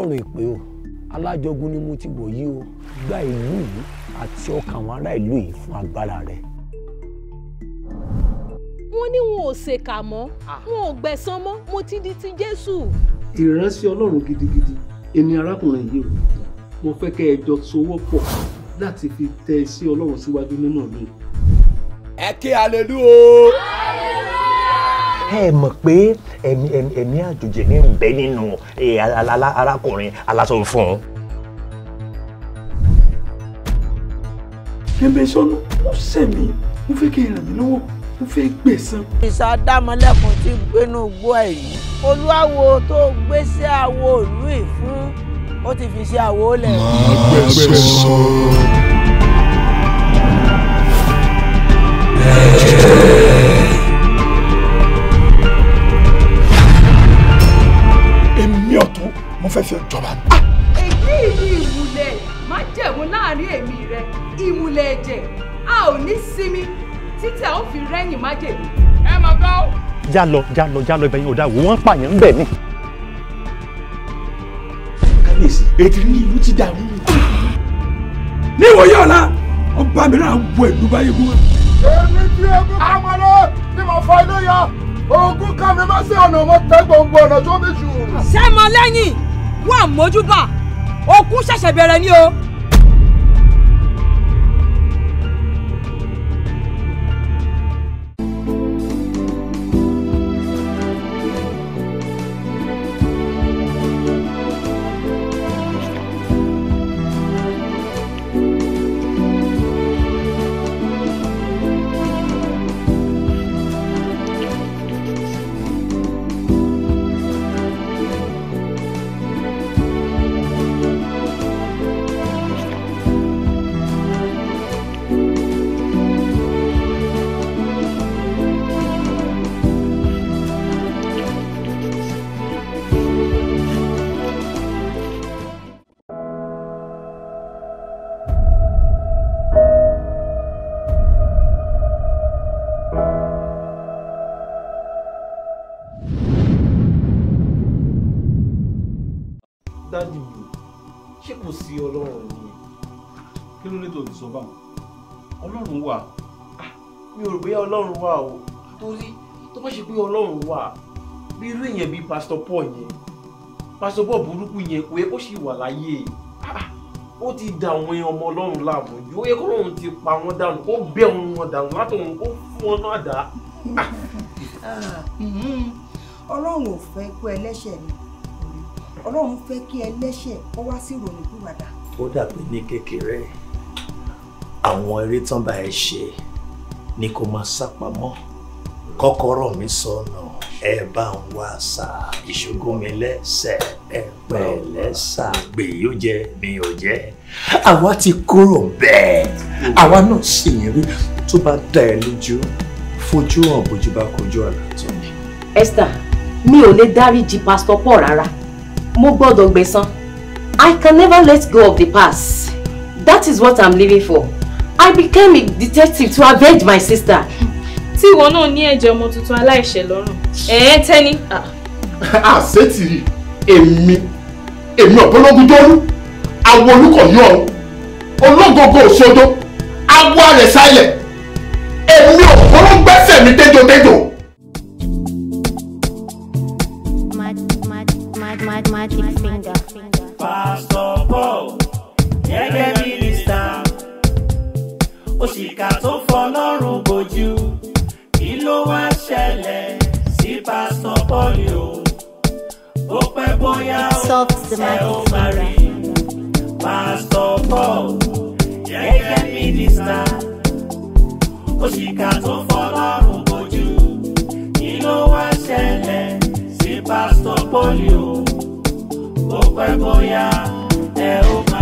ọlọ́run ìpè o alájọgún ni mo ti wọ̀ yí o gba ìlú yìí àti ọkàn àwọn ará ìlú yìí fún agbára rẹ. wọ́n ní wọn ò ṣèkà mọ́ wọn ò gbẹ̀san mọ́ mo ti di ti jésù. ìrẹsì ọlọ́run gidigidi ẹni arákùnrin yìí o mo fẹ́ kẹ́ ẹ jọ sowọ́ pọ̀ láti fi tẹ iṣẹ́ ọlọ́run síwájú nínú ìlú. ẹ kí alelu o. Hallelujah ẹ mọ̀ pé ẹ̀mí ẹ̀mí àjòjì ní bẹ́ nínú arákùnrin aláṣọ fún un. ẹ̀mí sọ́nù ó sẹ̀mí mo fẹ́ kí ẹ ràn mí lọ́wọ́ mo fẹ́ gbẹ̀san. E ìsà dámọ̀lẹ́kùn ti gbénú gbó ẹ̀ yìí olúwawo tó gbé sí àwo ìlú yìí fún ó ti fi ṣe àwo lẹ̀. máa gbẹ̀san. E yeah. mo fẹ́ fi ọjọba mi. èyí ni ìmùlẹ̀ má jẹ̀mú láàrin èmi rẹ ìmùlẹ̀ ẹ̀jẹ̀ a ò ní sinmi títí a ó fi rẹ́yìn májèlé. ẹ mọ̀ gbọ́. já lọ já lọ já lọ ibẹ̀ yẹn ò dáa wò wọ́n pààyàn ń bẹ̀ ni. kábíyèsí ètò ní ìlú ti dàrú. ní ìwòye ọ̀la ọba mi náà bu ẹ̀dùn báyìí mú. èmi tí egun kọ́ mọ́ lọ ni mo fọ ilé yọ ogun ká mi má sí ọ̀nà mo tẹ́ gbòǹgbò ọ̀nà tó mi jù. sẹ́mọ lẹ́yìn wọ́n àmójúbà òkú ṣẹ̀ṣẹ̀ bẹ̀rẹ̀ ni o. bá wọn ọlọ́run wà ah, mi ò rò bóyá ọlọ́run wà o torí tó má ṣe pé ọlọ́run wà bí irú èèyàn bíi pásítọ̀ Paul yẹn pásítọ̀ Paul burúkú yẹn pé ó sì wà láyé ah, ó ti dà àwọn èèyàn ọmọ ọlọ́run láàbò yìí ó yẹ kó lóun ti pa wọn dànù ó bẹ́ òun wọn dànù látòun ó fún wọn náà dá. Ah. Mm-hmm. ọlọ́run ò fẹ́ kó ẹlẹ́ṣẹ̀ ni ọlọ́run fẹ́ kí ẹlẹ́ṣẹ̀ kó wá sí ìrònú ìwàdà. ó dàbí ní kékeré àwọn eré tán bá ẹ ṣe ni kò máa sá pamọ́ kọ́kọ́rọ́ mi sọnù ẹ bá ń wá sá ìṣògùnmi lẹ́sẹ̀ ẹ pẹ́ lẹ́sà gbè yóò jẹ mi ò jẹ àwa ti kúrò bẹ́ẹ̀ àwa náà sì ń rí tó bá dá ẹ lójú fojú hàn bójú bá kojú ọ̀la tó ní. Esther mi ò lè dáríji pastor Paul rárá mo gbọ́dọ̀ gbẹ̀san I can never let go of the past that is what I'm living for. I became a detective to avenge my sister. Tí ìwọ náà ní ẹ̀jẹ̀ ọmọ tuntun aláìṣẹ̀ lọ́rùn. Ẹ̀ẹ́ tẹ́ni. Àṣetìrì èmi èmi ọ̀pọ̀lọ́gún dọ́rú àwọn olùkọ̀yọ́ ọ̀run ológogo òṣodo awọ rẹ̀ sálẹ̀ èmi ọ̀pọ̀lọ́gbẹ́sẹ̀ mi mad, Magic finger. Pastor Paul. Yeah, yeah òṣìkà tó fọlọ́run bojú kí ló wá ṣẹlẹ̀ sí pásítọ̀ Paul o ó pẹ́ bóyá ó ṣe ó máa rí pásítọ̀ Paul gẹ́gẹ́ mínísítà òṣìkà tó fọlọ́run bojú kí ló wá ṣẹlẹ̀ sí pásítọ̀ Paul o ó pẹ́ bóyá ẹ ó máa rí.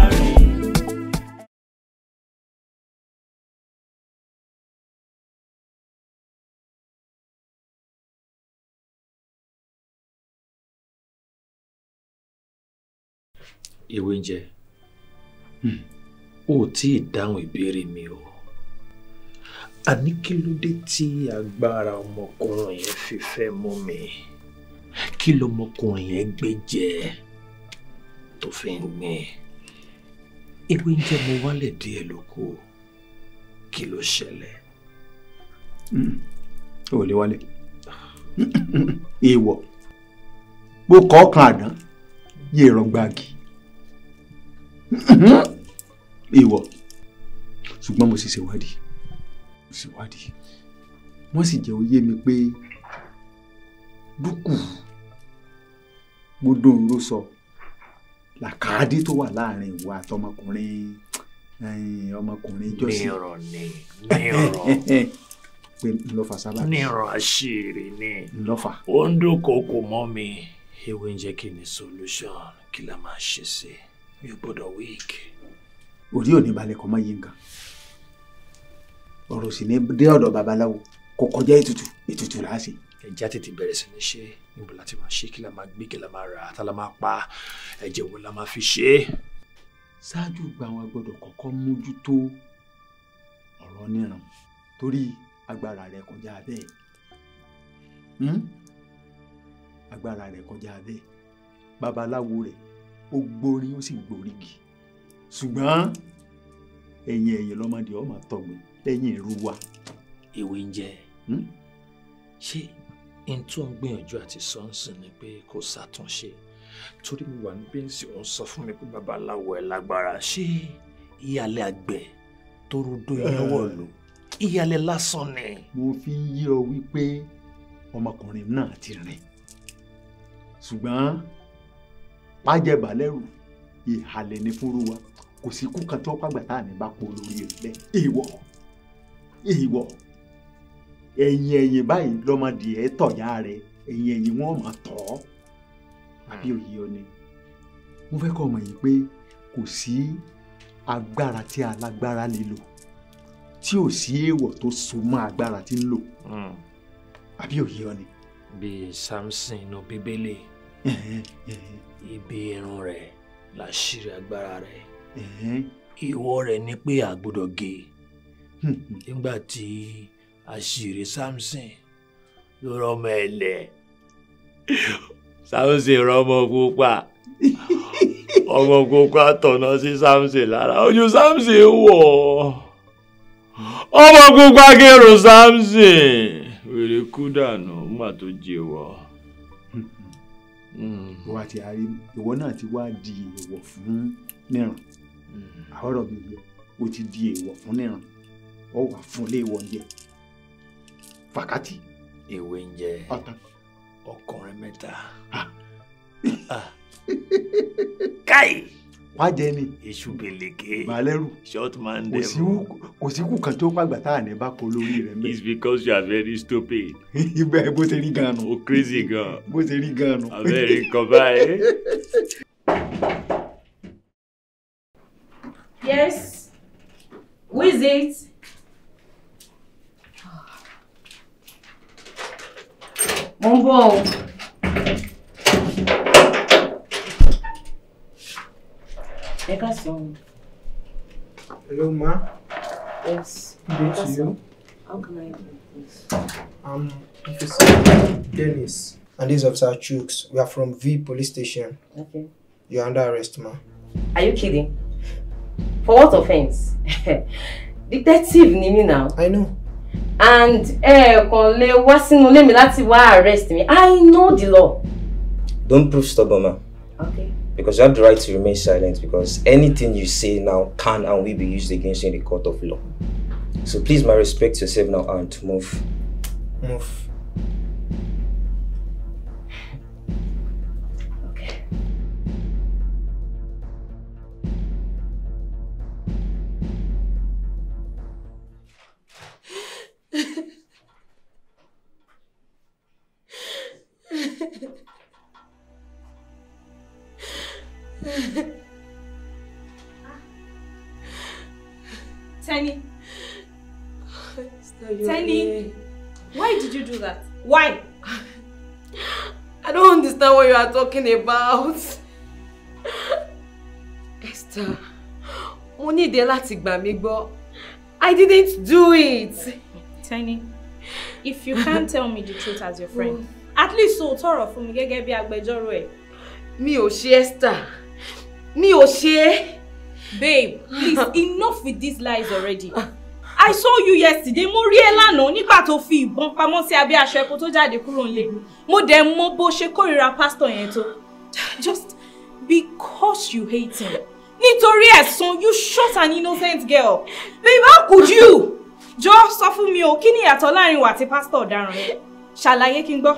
ìwé ń jẹ ó tí ì dáhùn ìbéèrè mi o àní kí ló dé tí agbára ọmọkùnrin yẹn fi fẹ́ mú mi kí lọmọkùnrin yẹn gbé jẹ tó fi ń gbìn ìwé ń jẹ mo wálẹ̀ díẹ̀ ló kù kí ló ṣẹlẹ̀. Hmm. ò lè wálé hmm. hmm. èèwọ̀ bó àdán yéèrán gbáàgì ìwọ ṣùgbọ́n mo sì ṣèwádìí mo ṣèwádìí wọ́n sì jẹ́ oyé mi pé dúkù gbódò ló sọ làkàdé tó wà láàrin ìwà àtọmọkùnrin ọmọkùnrin jọ́sí. ní ọ̀rọ̀ ni ní ọ̀rọ̀. pé ńlọ́fà sábà. ní ọ̀rọ̀ àṣírí ni. ńlọ́fà. ó ń dúnkokò mọ́ mi ewu ń jẹ́ kí ni solution kí la máa ṣe sí mi ò gbọ́dọ̀ weak. orí ò ní balẹ̀ kọ́ mọ́ yín nǹkan ọ̀rọ̀ sì ní dé ọ̀dọ̀ babaláwo kò kọjá ètùtù ètùtù là á ṣe. ẹja tètè bẹ̀rẹ̀ sí ní ṣe níbo la ti máa ṣe kí la máa gbé kí la máa rà tá la máa pa ẹ̀jẹ̀ wo la máa fi ṣe é. ṣáájú ìgbà wọn gbọ́dọ̀ kọ́kọ́ mójútó ọ̀rọ̀ níran torí agbára rẹ kọjá bẹ́ẹ̀. Hmm? agbára rẹ̀ kọjá bẹ́ẹ̀ babaláwo rẹ̀ ó gbórí ó sì gbórígi ṣùgbọ́n ẹ̀yìn ẹ̀yìn lọ́mọdé ọmọ tọ̀gbìn lẹ́yìn ìrú wa. èwe ń jẹ hmm? ṣé n tó ń gbìyànjú àti sọ́nsìn ni pé kò ṣàtúnṣe torí mo wà ní bẹ́ǹsì òun sọ fún mi pé babaláwo ẹ̀ lágbára ṣé ìyàlẹ̀ àgbẹ̀ tó rodó ìyẹ́wọ̀ eh. lò ìyàlẹ̀ lásán ni. mo fi ń yí ọ wípé ọmọkùnrin náà ti rìn ṣùgbọ́n pàjẹbà lẹ́rù ìhàlẹ̀ ni fúnrú wa kò sí ikú kan tí wọ́n pàgbà tá à ní bá po lórí rẹ̀ lẹ́ ìwọ ìwọ ẹ̀yìn ẹ̀yìn báyìí lọ́mọdé ẹ̀ tọ̀yà rẹ̀ ẹ̀yìn ẹ̀yìn wọn mà tọ̀ ọ́ àbí hmm. òye ọ ni mo fẹ́ kọ́ ọmọ yìí pé kò sí agbára tí alágbára lè lò tí ò sí èèwọ̀ tó so mọ́ agbára tí ń lò hmm. àbí òye ọ ni. bíi samson inú bíbélì. No ibi irun rẹ làṣírí agbára rẹ ìwọ rẹ ni pé a gbọ́dọ̀ gé e. hmm. nígbà tí àṣírí Samson ló rọmọ ẹlẹ Samson rọmọ pupa ọmọ pupa tọ̀nà sí Samson lára ojú Samson wọ̀ ọmọ pupa gẹrun Samson wèrè kú dànù nígbà tó jẹ wọ. Mm-hmm. bó wa ti a rí ìwọ náà ti wá di èèwọ̀ fún níran mm-hmm. àwọ̀rọ̀ mi yọ o ti di èèwọ̀ fún níran ọ wà fún ilé ìwọ oúnjẹ fàkátì. ìwé ha ha ọkùnrin ha ha pàjẹ́ ni. èṣù bèlèké. màlẹ́rù. short man dem. kò sí kù kan tó pàgbà tá à ní bá kó lórí rẹ it's because you are very stupid. ibẹ̀ bó ṣe rí gan nu. o oh, crazy gan. bó ṣe rí gan nu. abẹ́rẹ́ nǹkan báyìí. yes who is it. mo ń bọ̀ o. ẹ hello ma. yes good to you. how can I help you please. i'm officer dennis and this is officer Chooks. we are from v police station. okay. You're under arrest ma. are you kidding for what offence detective Nimi now. i know. and eh, kàn lè wá sínú ilé mi láti wá arrest me. i know the law. don't prove stubborn ma. okay. because you have the right to remain silent because anything you say now can and will be used against you in the court of law. So please, my respect yourself now and move. Move. talking about. Esther, mo nídìí láti gbà mí gbọ́. I didn't do it. Tiny, if you can't tell me the truth as your friend, at least o tọrọ fún mi gẹ́gẹ́ bí agbẹjọ́rò ẹ̀. Mi ò ṣe Esther. Mi ò ṣe. Babe, please enough with these lies already. Ah. I saw you yesterday mo rí ẹ lánàá nígbà tó fi ìbọn pamọ́ sí abẹ́ aṣọ ẹ̀kọ́ tó jáde kúrò nílé mo dẹ̀ mọ bó ṣe kórìíra pásítọ̀ yẹn tó just because you hate him nítorí ẹ̀sùn you shot an innocent girl babe how could you jọ sọ fún mi o kí ni ìyàtọ̀ láàrin wa àti pásítọ̀ ọ̀daràn yẹn ṣàlàyé kí n gbọ́.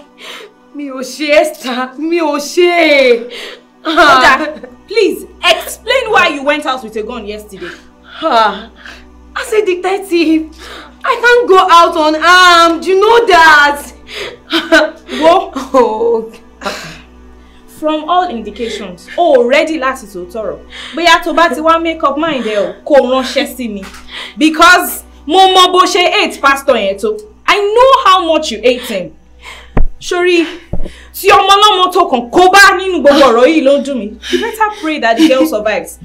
mi ò ṣe Esther mi ò ṣe Oda please explain why you went out with a gun yesterday. As a detective, I can't go out unarmed. You know that. What? Oh. From all indications, o ready láti sọ But Bóyá tó bá ti wá make up mind ẹ o, kó ránṣẹ́ sí mi. Because Momo mọ ate ṣe hate pastor yẹn I know how much you ate him. Shuri, tí ọmọ ọlọ́mọ tó kàn kó bá nínú gbogbo ọ̀rọ̀ yìí ló ń You better pray that the girl survives.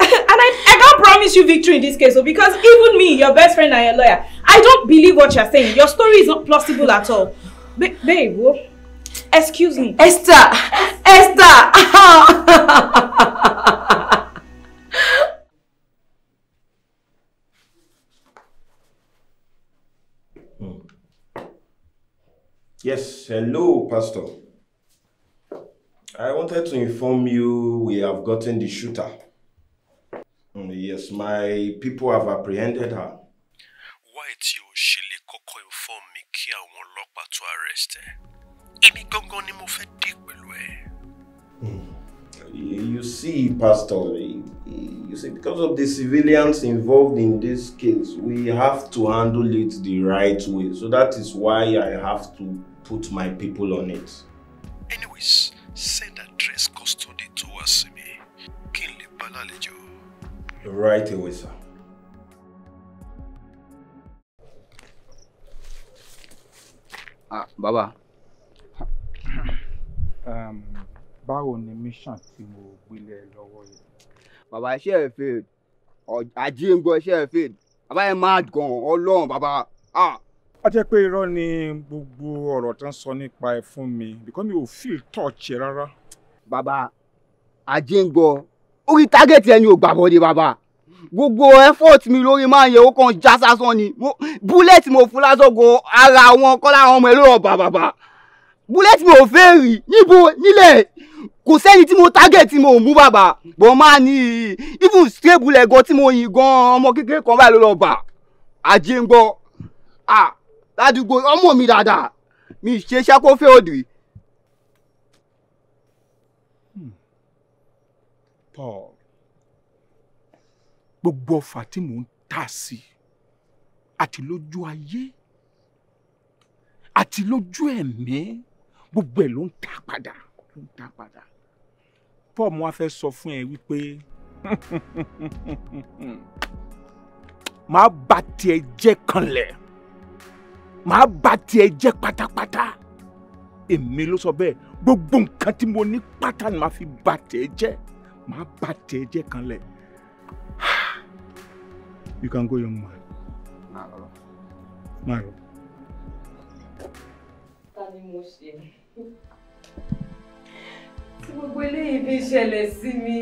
and I, I can't promise you victory in this case, so oh, because even me, your best friend and your lawyer, I don't believe what you're saying. Your story is not plausible at all. Ba babe, whoa. excuse me. Esther! Esther! Hmm. Yes, hello, Pastor. I wanted to inform you we have gotten the shooter. Yes, my people have apprehended her. Why tí o ṣe lè kọ́kọ́ inform mi kí àwọn ọlọ́pàá to arrest ẹ? Èmi gangan ni mo fẹ́ dé pẹ̀lú ẹ. Hmm. You see, Pastor, you see, because of the civilians involved in this case, we have to handle it the right way. So that is why I have to put my people on it. Right away, sir. Ah, Baba. um, báwo ni mission tí mo gbélé lọ́wọ́ yìí. Bàbá iṣẹ́ ẹ̀ fail. Àjí ń gbọ́ Baba, ẹ̀ fail. Bàbá ẹ̀ máa gan ọlọ́run bàbá. Ó ah. jẹ́ pé irọ́ ni gbogbo ọ̀rọ̀ tó ń sọ nípa ẹ̀ mi because mi ò feel touch rárá. Bàbá àjí ń gbọ́ orí tágẹ́tì ẹni ò gbàbọ̀dé Baba gbogbo effort mi lórí máa yẹ ó kàn já sásán ni búlẹ̀tì mo fún lásọ̀gọ̀ ara wọn kọ́ láwọn ọmọ ẹ ló rọ̀ bàbàbà búlẹ̀tì mi ò fẹ́ rí níbo nílẹ̀ kò sẹ́ni tí mo target tí mo mú bàbà bọ́ máa ní even straight bullet gan tí mo yin gan ọmọ kékeré kan báyìí ló lọ bà àjẹ́ ń gbọ́ à ládùúgbò ọmọ mi dáadáa mi ṣe ṣàkófẹ́ òdì. Paul gbogbo ọfà tí mò ń tà sí àti lójú ayé àti lójú ẹ̀mí gbogbo ẹ̀ ló ń tà padà ló ń tà padà paul mo wá fẹ́ sọ fún ẹ wípé màá bà tiẹ̀ jẹ́ kanlẹ̀ màá bà tiẹ̀ jẹ́ pátápátá èmi ló sọ bẹ́ẹ̀ gbogbo nǹkan tí mo ní pátá ni màá fi bà tiẹ̀ jẹ́ màá bà tiẹ̀ jẹ́ kanlẹ̀. You can go, young man. Marub. Marub. Tani mo ṣe. Tí gbogbo eléyìí fi mi.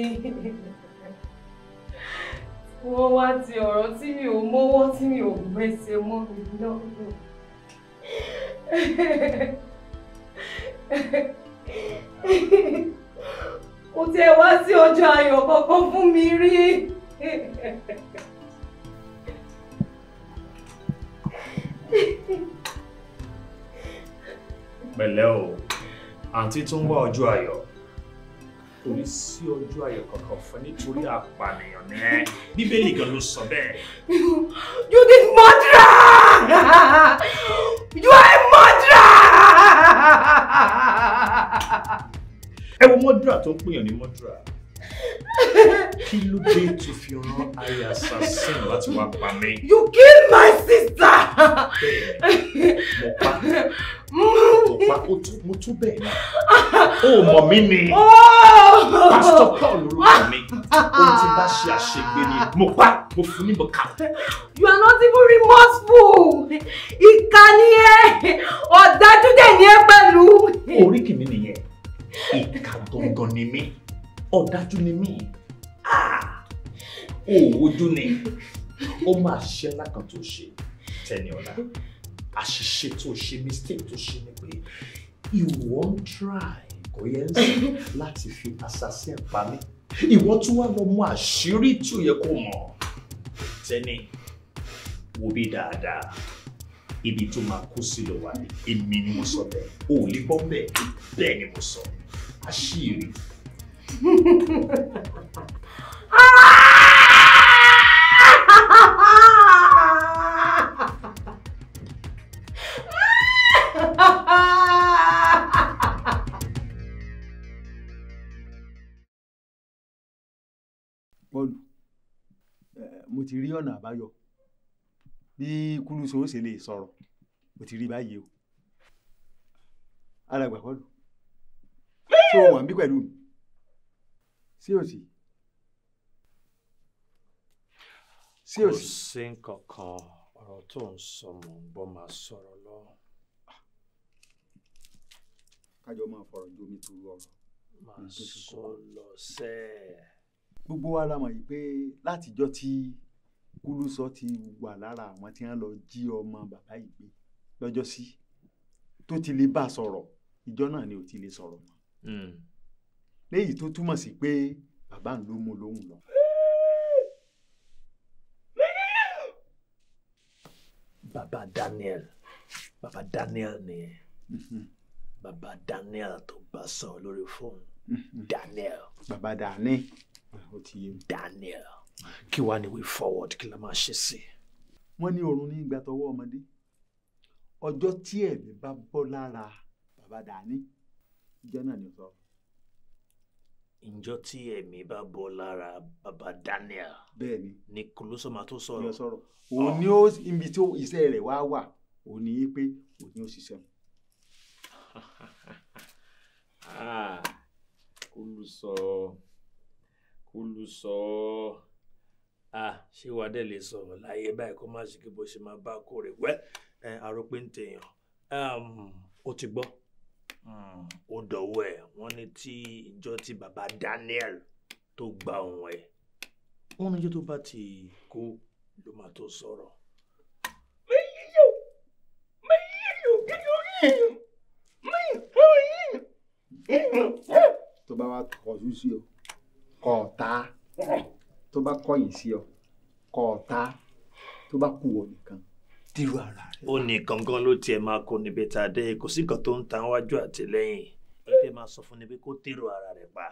Wọ́n wá ti ọ̀rọ̀ tí mi ò mọ́wọ́ tí mi ò gbèsè mọ́ mi lọ́rùn. Kò tiẹ̀ wá sí ọjọ́ ayọ̀ kankan fún mi rí. pẹ̀lẹ́ o àǹtí tó ń wá ọjọ́ ayọ̀ kò ní sí ọjọ́ ayọ̀ kankan fún nítorí àpànìyàn ni bíbélì gan ló sọ bẹ́ẹ̀. you did murderer you are a murderer. ẹ wo murderer tó ń pèèyàn ní murderer. kí ló dé tó fi rán ayé assassin láti wá pa mí. you kill my sister. mo pa mo pa mo tún bẹ́ẹ̀ ni oh! ó mọ̀ mí ni pásítọ̀ paul orúkọ mi ohun tí bá ṣe àṣegbè ni mo pa mo fún ní bọ̀ká. you are not even remorseful ìkà ni ẹ ọ̀dájú dẹ̀ ni ẹ pẹ̀lú. oríkì mi nìyẹn ìkà gangan ni mí ọ̀dájú ni mí òwòjú ah! ni ó máa ṣe ńlá kan tó ṣe Tẹniọlá àṣìṣe tó ṣe mistake tó ṣe ni pé ìwọ ń try kò yẹ ń sìn láti fi assassin pa mí ìwọ tún wá lọ mú àṣírí tí ò yẹ kó mọ̀ Tẹni wo bí dáadáa ibi tó máa kó sí lọ wà ní èmi ni mo sọ bẹ́ẹ̀ ò lè gbọ́ bẹ́ẹ̀ bẹ́ẹ̀ ni mo sọ àṣírí. Bọ́lú mo ti rí ọ̀nà àbáyọ bí kúlùsọ ó ṣe lè sọ̀rọ̀ mo ti rí báyìí o alàgbà Bọ́lú ṣé o wà ń bí pẹ̀lú mi sí òsì. sí òsì. kò sí nǹkankan ọ̀rọ̀ tó ń sọ mọ̀ ń gbọ́ máa sọ̀rọ̀ lọ. kájọ máa fọ̀rọ̀ jomi tó rọrùn. máa sọ lọ sẹ́ẹ̀. gbogbo wa la mọ̀ yìí pé látijọ́ tí kúlúsọ ti wà lára àwọn tí wọ́n lọ jí ọmọ bàbá yìí gbé lọ́jọ́ sí tó ti lè bá sọ̀rọ̀ ìjọ náà ni ò ti lè sọ̀rọ̀ mọ́. Mm léyìí tó túmọ̀ sí pé bàbá ń ló mú lóhùn lọ. bàbá Daniel bàbá Daniel nìyẹn bàbá Daniel tó bá sọ lórí fóònù Daniel. bàbá Dani ó ti yé mi. Daniel kí wàá ní way forward kí la máa ṣe sí i. wọ́n ní oorun ní ìgbà tọwọ́ ọmọdé ọjọ́ tí ẹ̀mí bá bọ́ lára bàbá Dani ìjọ náà ni ó sọ. Ǹjọ́ tí ẹ̀mí bá bọ́ lára baba Daniel. Bẹ́ẹ̀ni. Ni Kòlósó máa tó sọ̀rọ̀. Yóò sọ̀rọ̀. Ah. Òun ni ó ibi tí iṣẹ́ rẹ̀ wá wà. Òun ni yí pé òun ni ó ṣiṣẹ́. Kólúsọ Kólúsọ ah, ah, ṣé wàá dẹ̀ lè sọ̀rọ̀ láyé báyìí kó má ṣe kí bó ṣe máa bá kó rè wẹ́ àròpé ń tèèyàn um, ó ti gbọ́ ó dọ̀wọ́ ẹ̀ wọ́n ní tí ìjọ tí baba Daniel tó gba òun ẹ̀ wọ́n ní jẹ́ tó bá ti kó ló máa tó sọ̀rọ̀. mẹ́yìíyò mẹ́yìíyò kíkọ́ yìí mẹ́yìíyò yìí. tó bá wá kọjú sí ọ kọ ọ̀tá tó bá kọ̀yìn sí ọ kọ ọ̀tá tó bá kú ọ nìkan dírò ara rẹ. ó ní gangan ló tiẹ̀ máa kó níbi tá a dé kò sí nǹkan tó ń tan wájú àtìlẹ́yìn ìdè máa sọ fún níbi kó dírò ara rẹ pa.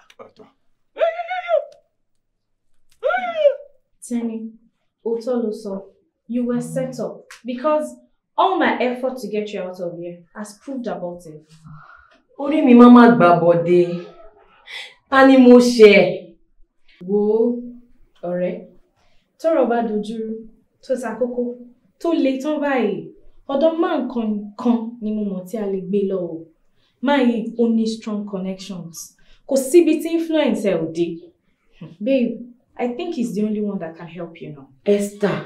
Tẹ́ni, òótọ́ ló sọ, you were set up because all my effort to get you out of here has proved about it. Orí mi máa ma gbà bọ̀dé. Ta ni mo ṣe? Wo ọ̀rẹ́, tọ́rọ̀ bá dojú tó ta kókó tó le tán báyìí ọ̀dọ̀ máa nǹkan kan ni mo mọ̀ tí a lè gbé lọ o máa yí o strong connections kò síbi tí influence ẹ ò dé babe I think he's the only one that can help you now. Esther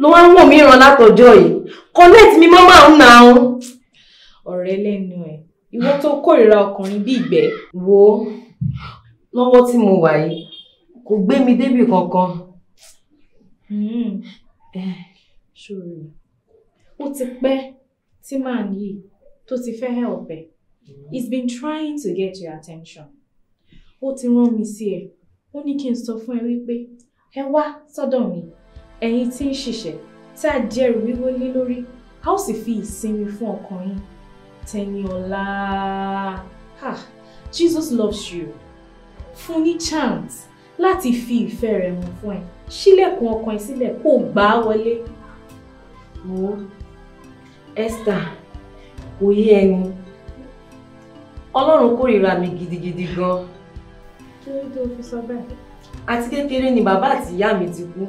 ló wá ń wò mí ràn látọjọ́ yìí connect mi mọ́ máa ń nà án. ọ̀rẹ́ lẹ́nu ẹ̀ ìwọ tó kórìíra ọkùnrin bí ìgbẹ́. wo lọ́wọ́ tí mo wà yìí kò gbé mi débi kankan. Mm. Eh ṣòro ó ti pẹ́ tí màá yìí tó ti fẹ́ help ẹ̀ mm-hmm. he's been trying to get your attention ó ti rán mi sí ẹ ó ní kí n sọ fún ẹ wípé ẹ wá sọ́dọ̀ mi ẹ̀yin tí ń ṣiṣẹ́ tí a jẹ́rìí wíwó lé lórí a ó sì fi ìsinmi fún ọkàn yín Tẹniọlá ah Jesus loves you fún ní chance láti fi ìfẹ́ rẹ̀ hàn fún ẹ sílẹ̀kùn ọkàn ẹ sílẹ̀ kó gbà á wọlé wo Esther kò yé ẹni Ọlọ́run kórìíra mi gidigidi gan. kí ló dé o fi sọ bẹ́ẹ̀. àti kékeré ni bàbá àti ìyá mi ti kú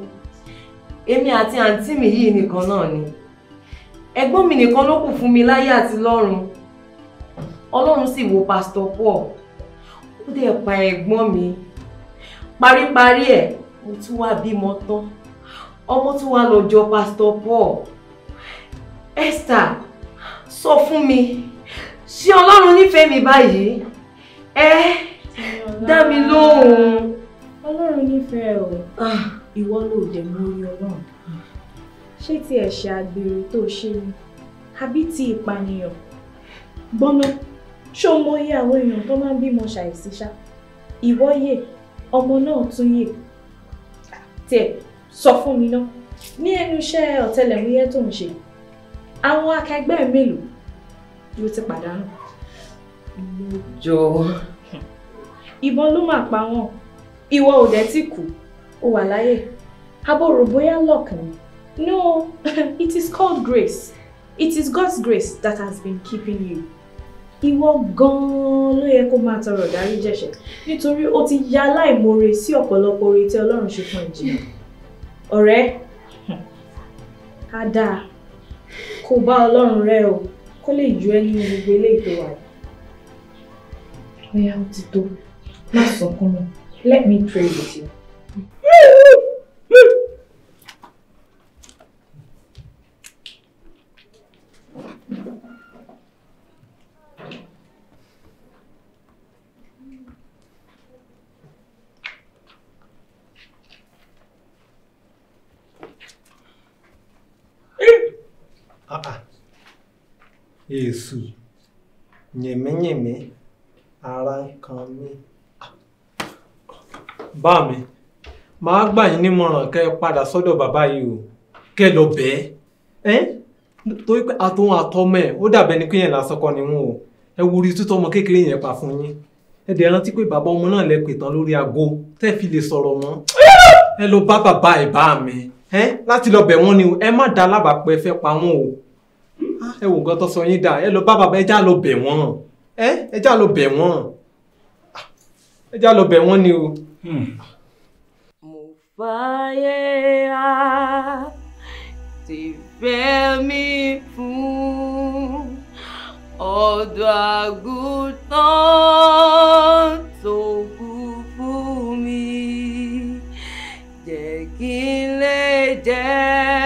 èmi àti àǹtí mi yìí nìkan náà ni ẹ̀gbọ́n mi nìkan ló kù fún mi láyé àti lọ́run Ọlọ́run sì wo pásítọ̀ Paul ó dẹ̀ pa ẹ̀gbọ́n mi paríparí ẹ̀ mo tún wá bímọ tán ọmọ tún wá lọ jọ pásítọ̀ Paul. Esther sọ fún mi ṣé ọlọ́run nífẹ̀ẹ́ mi báyìí ẹ dá mi lóhùn. ọlọ́run nífẹ̀ẹ́ o ah. ìwọ ló dẹ̀ mú orí ọlọ́run ṣé ti ẹ̀ṣẹ̀ àgbèrè tó ṣe ni àbí ti ìpànìyàn gbọ́nà ṣó mọ iye àwọn èèyàn tó máa ń bímọ ṣàìsí ṣá ìwọ yè ọmọ náà tún yè tiẹ̀ sọ fún mi náà ní ẹnu iṣẹ́ ọ̀tẹlẹ̀múyẹ́ tó ń ṣe yìí àwọn akẹgbẹ́ mélòó ló ti pàdánù. jọ̀ọ́. ìbọn ló máa pa wọn ìwọ ò dẹ̀ ti kú ó wà láyé aboro bóyá luck ni no it is called grace it is God's grace that has been keeping you ìwọ gan-an ló yẹ kó máa tọrọ dárí jẹ̀ṣẹ̀ nítorí ó ti ya aláìmoore sí ọ̀pọ̀lọpọ̀ oore tí Ọlọ́run ṣe fún ìjìnà ọ̀rẹ́ á dáa kó bá ọlọ́run rẹ o kó lè ju ẹ nínú gbogbo ilé ètò wa. ọ̀ya ó ti tó má sọkún mi let me pray with you. èṣù yẹ̀mẹ́yẹ̀mẹ́ ara ń kan mí. Ah. bá mi màá gbà yín nímọ̀ràn kẹ́ ẹ padà sọ́dọ̀ bàbá yìí o kẹ́ ẹ lọ bẹ́ẹ̀ ẹ́ torí pé àtòun àtọmọ ẹ̀ ó dàbẹ́ ni pé lásọkọ ni wọn o ẹ wúri tútọ́ ọmọ kékeré yẹn pa fún yín ẹ dẹ̀ rántí pé bàbá ọmọ náà lẹ pè tán lórí aago tẹ́ fi lè sọ̀rọ̀ mọ́ ẹ lọ bá bàbá ẹ̀ bá mi ẹ láti lọ bẹ̀ wọ́n ni o ẹ má dá alábàápẹ́ fẹ́ pa wọ́n o ẹ wò nǹkan tó sọ yín dà ẹ lọ bá bàbá ẹjá lọ bẹ̀ wọ́n ẹ ẹjá lọ bẹ̀ wọ́n ẹjá lọ bẹ̀ wọ́n ni o. Hmm. mo fààyè á ti fẹ́ mi fún ọ̀dọ́ àgùntàn tó kú fún mi jẹ́ kí n lè jẹ́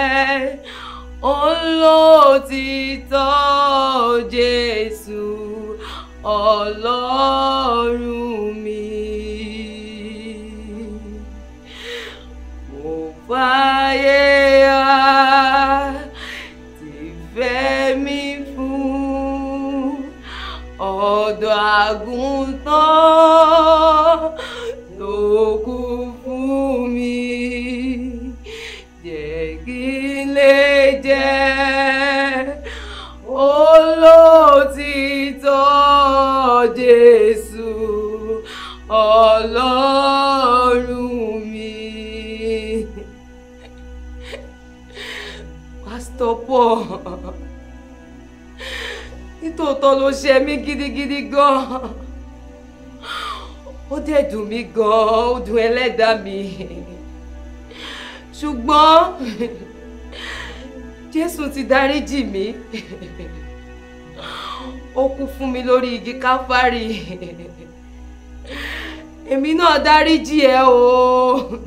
olóòtítọ́ Jésù ọlọ́run mi. Mo fàyè á ti fẹ́ mi fún ọ̀dọ̀ àgùntàn tó kú. lè jẹ́ olóòtítọ́ Jésù Ọlọ́run mi. Pásítọ̀ Paul nítòótọ́ ló ṣe mí gidigidi gan-an ó dẹ̀ dùn mí gan-an ó dùn ẹlẹ́dàá mi ṣùgbọ́n. Jésù ti dáríjì mí ó kú fún mi lórí igi káfárì èmi náà dáríjì ẹ o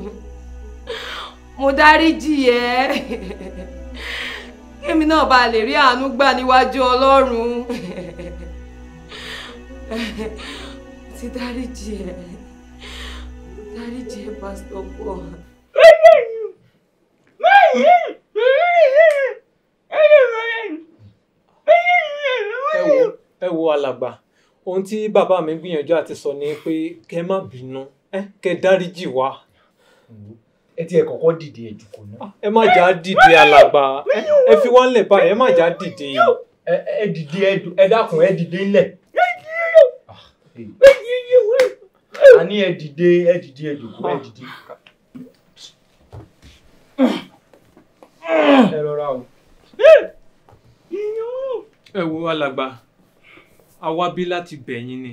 mo dáríjì ẹ kémi náà bá lè rí àánú gbà níwájú Ọlọ́run ti dáríjì ẹ dáríjì ẹ pásítọ̀ pọ̀. Mẹ́yìn! Mẹ́yìn! Mẹ́yìn! wo ẹ wo alàgbà ohun tí bàbá mi gbìyànjú àti sọ ni pé kẹ má bínú ẹ kẹ dáríjì wá. ẹ ti ẹ kọ́kọ́ dìde ẹ jù kó náà. Ah, ẹ má jà á dìde alàgbà ẹ fi wá lẹ̀ báyìí ẹ má jà á dìde. ẹ dìde ẹ dákun ẹ dìde ńlẹ̀. Ah, a ní ẹ dìde ẹ dìde ẹ jù kó ẹ dìde. ẹ rọra o ẹ wo alàgbà a wá bí láti bẹ̀ yín ni.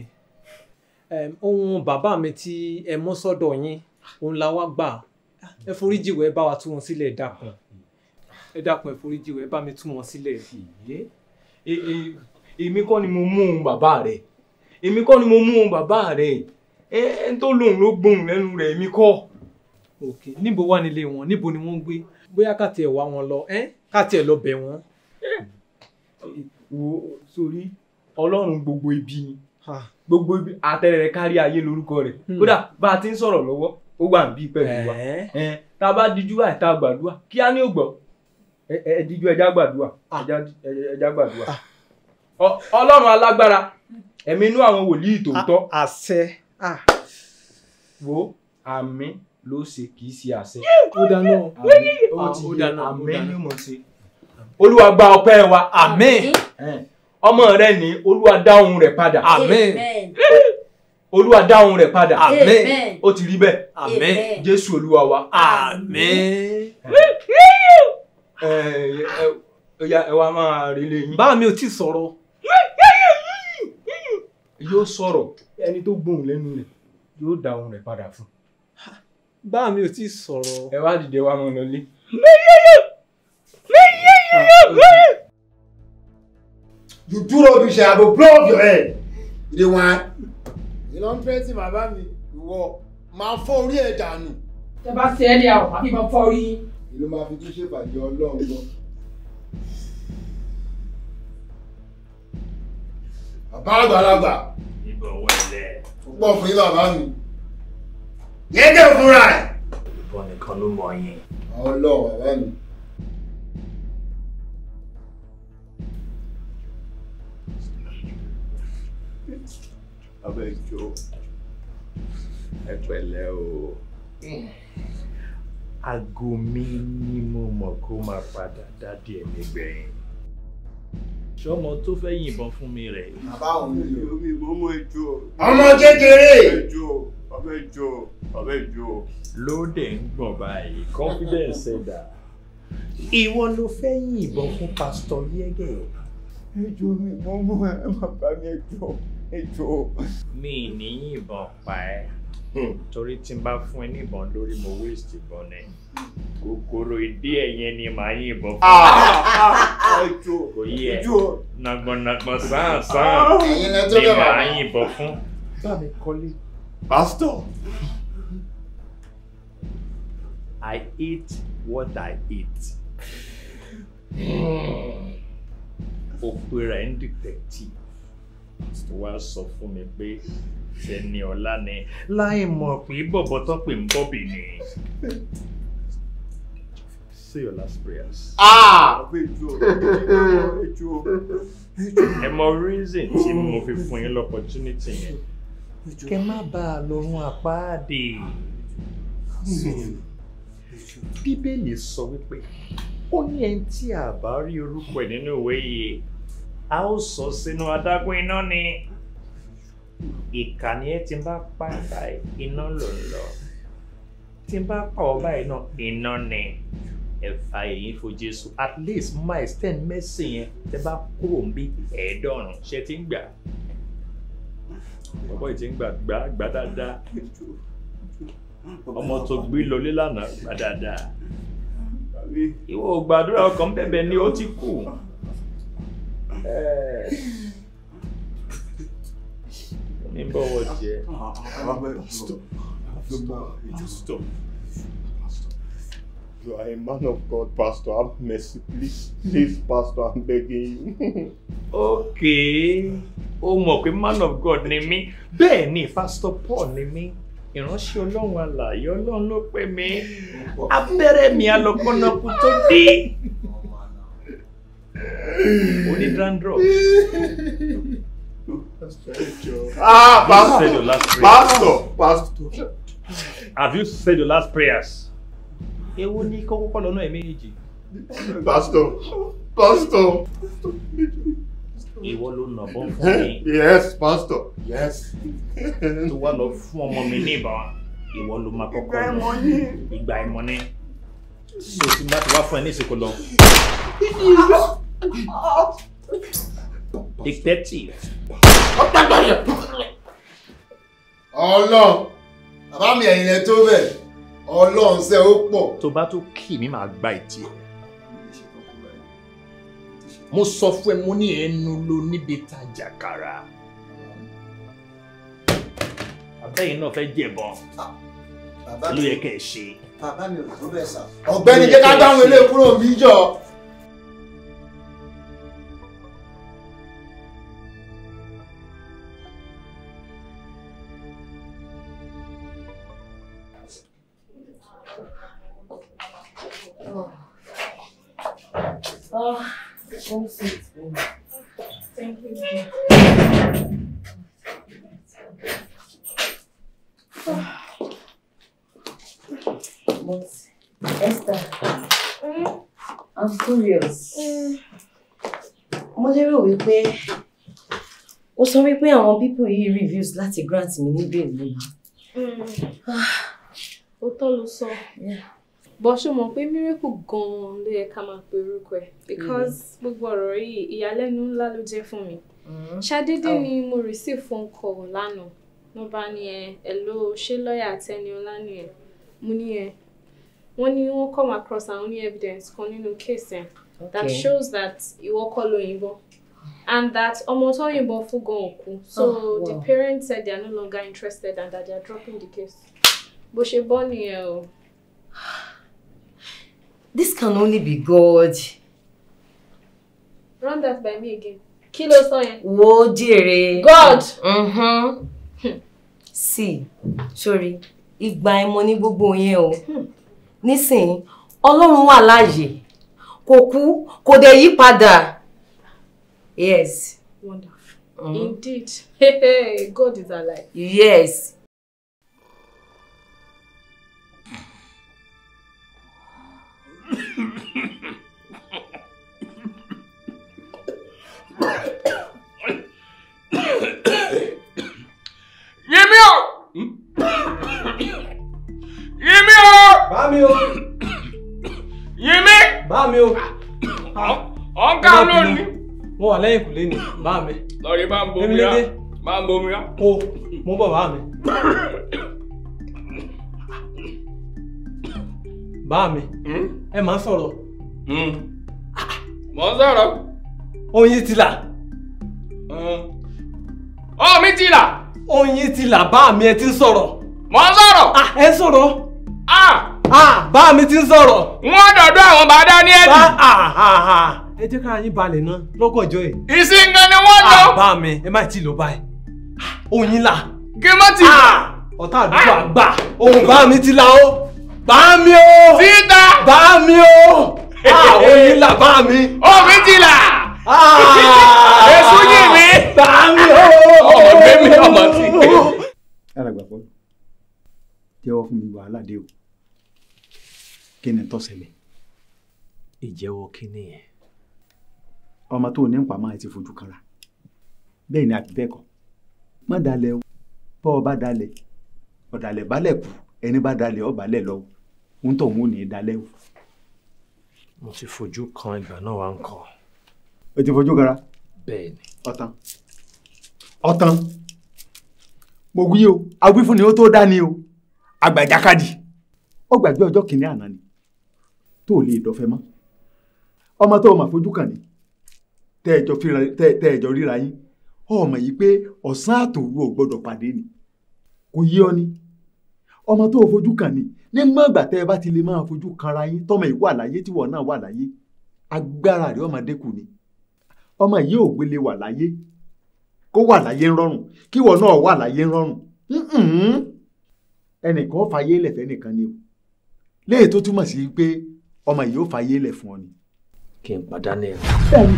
ohun bàbá mi tí ẹ mọ́ sọ́dọ̀ yín òun la wá gbà ẹ foríjì wẹ́ bá wa tú wọn sílẹ̀ dákun ẹ dákun ẹ foríjì wẹ́ bá mi tú wọn sílẹ̀. E, e, èmi kọ́ ni mo mú ohun bàbá rẹ̀ èmi kọ́ ni mo mú ohun bàbá rẹ̀ ẹ ń tó lòun ló gbóhùn lẹ́nu rẹ̀ èmi kọ́. Okay. níbo wà nílé wọn níbo ni wọ́n ń gbé bóyá ká tiẹ̀ wá wọn lọ ẹ́ ká lọ bẹ̀ wọ́n wo sórí ọlọ́run gbogbo ibi ni gbogbo ibi àtẹrẹ rẹ kárí ayé lórúkọ rẹ hmm. kódà bá a ti ń sọ̀rọ̀ lọ́wọ́ ó wà níbí pẹ̀lú wa tá a bá díjú báyìí tá a gbàdúrà kí á ní ògbọ́ ẹ díjú ẹja gbàdúrà ah. ẹja gbàdúrà ah. ọlọ́run alágbára ẹ̀mí inú àwọn wòlíì tòótọ́ ah, àṣẹ wo àmín ló ṣe kì í ṣe àṣẹ ó dáná àmín ó dáná àmín ló olúwa gba ọpẹ́ wa àmín ọmọ rẹ ní olúwa dá ohùn rẹ̀ padà àmín olúwa dá ohùn rẹ̀ padà amen. ó ti rí bẹ́ẹ̀ àmín jésù olúwa wa àmín. ẹ wá máa rí lẹ́yìn. bá mi ò tí sọ̀rọ̀. yóò sọ̀rọ̀ ẹni tó gbóhùn lẹ́nu rẹ̀ yóò dá ohùn rẹ̀ padà fún. bá mi ò tí sọ̀rọ̀. ẹ wá dìde wá mọ́ lọ lé. You do rubbish, I will blow up your head. You dey wan. You don pray to bàbá mi. Ìwọ máa fọ́ orí ẹ̀ dànù. Tẹ bá ṣe ẹ́ ní àwọn You don't fọ́ orí. Ìlú máa fi tún ṣèbàjẹ́ Ọlọ́run lọ. Bàbá àgbàlagbà. Ibọ̀ wẹ̀lẹ̀. Ó pọ̀ fún yín bàbá mi. Yẹ́dẹ̀ fúnra ẹ̀. Ìbọn nìkan ló mọ yín. Ọlọ́run bàbá mi. abẹ́jọ́ ẹ pẹ̀lẹ́ o aago mi ni mo mọ̀ kó máa padà dádì ẹ̀ nígbẹ̀yìn ṣọmọ tó fẹ́ yìnbọn fún mi rẹ̀. bàbá òun ni omi ìbomú ẹjọ́. ọmọ kékeré. ẹjọ́ ọbẹjọ ọbẹjọ. ló dẹ̀ ń gbọ̀n báyìí confidence ẹ̀dá ìwọ ló fẹ́ yìnbọn fún pásítọ̀ yẹ́gẹ̀. ẹjọ́ mi ìbomú ẹ má bá mi ẹjọ́ ẹjọ. mi ní ìbọn pa ẹ hmm. torí tí n bá fún ẹ ní ìbọn lórí mo waste ìbọn ẹ kòkòrò ìdí ẹ̀yẹn ni màá yín ìbọn fún ẹ ah, ah, ah, kò yí ẹ nàgbọ̀nàgbọ̀n sáà sáà ni màá yín fún. báàmì I eat what I eat. Hmm. Òpèrè ń dìtẹ̀tì tó wá sọ fún mi pé tẹni ọlá ni láì mọ̀ pé bọ̀bọ̀ tó pè ń bọ̀ bì ni. Say your last prayers. Ah! Ẹ mọ reason tí mo fi fún yín l'opportunity yẹn. Kẹ má bàa lọ́rùn àpáàdé. Bíbélì sọ wípé ó ní ẹni tí a bá rí orúkọ ẹ̀ nínú ìwé yìí a ó sọ sínú adágún iná ni ìkànnì ẹ ti bá pa báyìí iná ló ń lọ tí n bá pa ọ báyìí náà iná ni ẹ̀fà èyí fo jésù at least má ten mercy yẹn tẹ bá kúrò ń bí ẹ̀ẹ́dọ́rùn ṣe ti ń gbà ọmọ ìtì ń gbà gbà gbà dáadáa ọmọ tó gbé lọlé lánàá gbà dáadáa ìwọ gbàdúrà ọkàn bẹ̀bẹ̀ ni ó ti kù ní bọ́wọ́ jẹ́ stop you are a man of God pastor have mercy please please pastor I'm begging you. okay o mọ̀ pé man of God ni mí bẹ́ẹ̀ ni pastor Paul ni mí ìránṣẹ́ ọlọ́run alààyè ọlọ́run ló pè mí abẹ́rẹ́ mi alọ́kọ́nàkú tó dé oní dandruff. ah pastor pastor pastor. have you said your last prayers. ewu ní kókó kọ́ lọ́nà ẹ̀ méjì. pastor pastor ìwọ ló nà bọ́ fún mi. yes pastor yes. tó wá lọ fún ọmọ mi ní ìbọn ìwọ ló máa kọ́kọ́ lọ ìgbà ìmọ̀ ni so tí n bá ti wá fún ẹ ní ìsìnkú lọ. Detective. Ọlọ́run, bàbá mi ẹ̀yìn lẹ tó bẹ̀, ọlọ́run ṣe ó pọ̀. Tó bá tó kì mí máa gba ìtì ẹ̀. Mo sọ fún ẹ, mo ní ẹnu ló níbi ta jàkàrà. Àbẹ́yìn náà fẹ́ jẹ̀bọn. Ló yẹ kẹ́ ẹ ṣe. Bàbá mi ò tó bẹ̀ sà. Ọ̀gbẹ́ni jẹ́ ká dáhùn ilé kúrò níjọ́. sọ wípé àwọn pípò yìí reviews láti grant mi ní bẹ́ẹ̀ ló náà. ó tọ́ ló sọ bọ́ ṣe mọ̀ pé miracle gan-an ló yẹ ká máa pe orúkọ ẹ̀ mm. because gbogbo ọ̀rọ̀ yìí ìyàlẹ́nu ńlá ló jẹ́ fún mi mm. ṣàdédé oh. ni mo receive phone call lánàá mo bá ní ẹ ẹ ló ṣe lọ́ọ̀yà àtẹniọlá ni ẹ mo ní ẹ wọ́n ní wọ́n come across àwọn ní evidence kan nínú case ẹ̀ that shows that ìwọ kọ́ lóyìnbó and that Omotoyinbo Fugo Oku. So oh, wow. the parents said they are no longer interested and that they are dropping the case. Bó ṣe bọ́ nìyẹn This can only be God. Run that by me again. Kí ló sọ yẹn? Wo jèrè. God. Mm-hmm. See, sorry, If ẹ̀mọ money gbogbo yẹn o. Hmm. Nísìnyí, Ọlọ́run wà láàyè. Kò kú, Koku, dẹ̀ pada. Yes. Wonderful. Mm Indeed. God is alive. Yes. Yemi o! Yemi o! Bá Yemi! Bá mi o! On mo wà lẹ́yìn kùlé ni bá mi. lọ́ọ̀rì máa ń bomi rá máa ń bomi rá. o mo bọ̀ bá mi. bá mi hmm? ẹ máa sọ̀rọ̀. mo hmm. ń sọ̀rọ̀. oyin ti là. Hmm. ọ mi ti là. oyin ti là bá mi ẹ ti ń sọ̀rọ̀. mo ń sọ̀rọ̀. Ah, ẹ sọ̀rọ̀. Ah! Ah, bá mi ti ń sọ̀rọ̀. wọ́n dọ̀dọ̀ àwọn bàdá ní ẹ̀dì ẹ jẹ́ kára yín balẹ̀ náà lọ́gọ̀jọ́ ẹ̀. ìsìnkàn ni wọ́n lọ. àbá mi ẹ má ti lọ báyìí oyin la. kí má ti. Ah! ọ̀tá àdúgbò àgbà ohun bá mi ti la ó bá mi ó. síta. bá mi ó. Ah, oyin la bá mi. omi ti la. Ah! èso yìí mi. bá mi ó. ọmọ mi ọmọ ti yàrá gbàgbọ́ jẹ́wọ́ fún mi wàhálà dé o kí ni tó ṣẹlẹ̀ ìjẹ́wọ́ kí ni yẹn ọmọ tó ní pamọ́ ẹ ti fojú kanra bẹ́ẹ̀ ni àti bẹ́ẹ̀ kọ́ má dalẹ̀ o bọ́ ọ bá dalẹ̀ ọ̀dàlẹ̀ balẹ̀ kù ẹni bá dalẹ̀ ọ balẹ̀ lọ ohun tó ń wò ní í dalẹ̀ o. mo ti fojú kan ìgbà náà wá ń kọ. o ti fojú kanra. bẹ́ẹ̀ ni. ọ̀tán ọ̀tán mo wí o awífún ni ó tó dá ni o àgbàjákadì ó gbàgbé ọjọ́ kìnínní àná ni tó lè dọ́fẹ́ mọ́ ọmọ tó o mà fojú kàn ni. tẹ́ẹ̀jọ ríra yín ọmọ yìí pé ọ̀sán àtòru ò gbọ́dọ̀ pàdé ni kò ọ ni ọmọ tó o fojú kàn ni nígbà ìgbà tẹ́ ẹ bá ti lè máa fojú kanra yín tọmọ yìí wà láyé tíwọ náà wà láyé agbára ọmọ ni ọmọ yìí ò gbélé wà láyé rọrùn náà wà rọrùn ẹnìkan lẹ̀ fẹ́ nìkan o léè tó túmọ̀ sí pé ọmọ yìí ó lẹ̀ fún ọ ni. kí n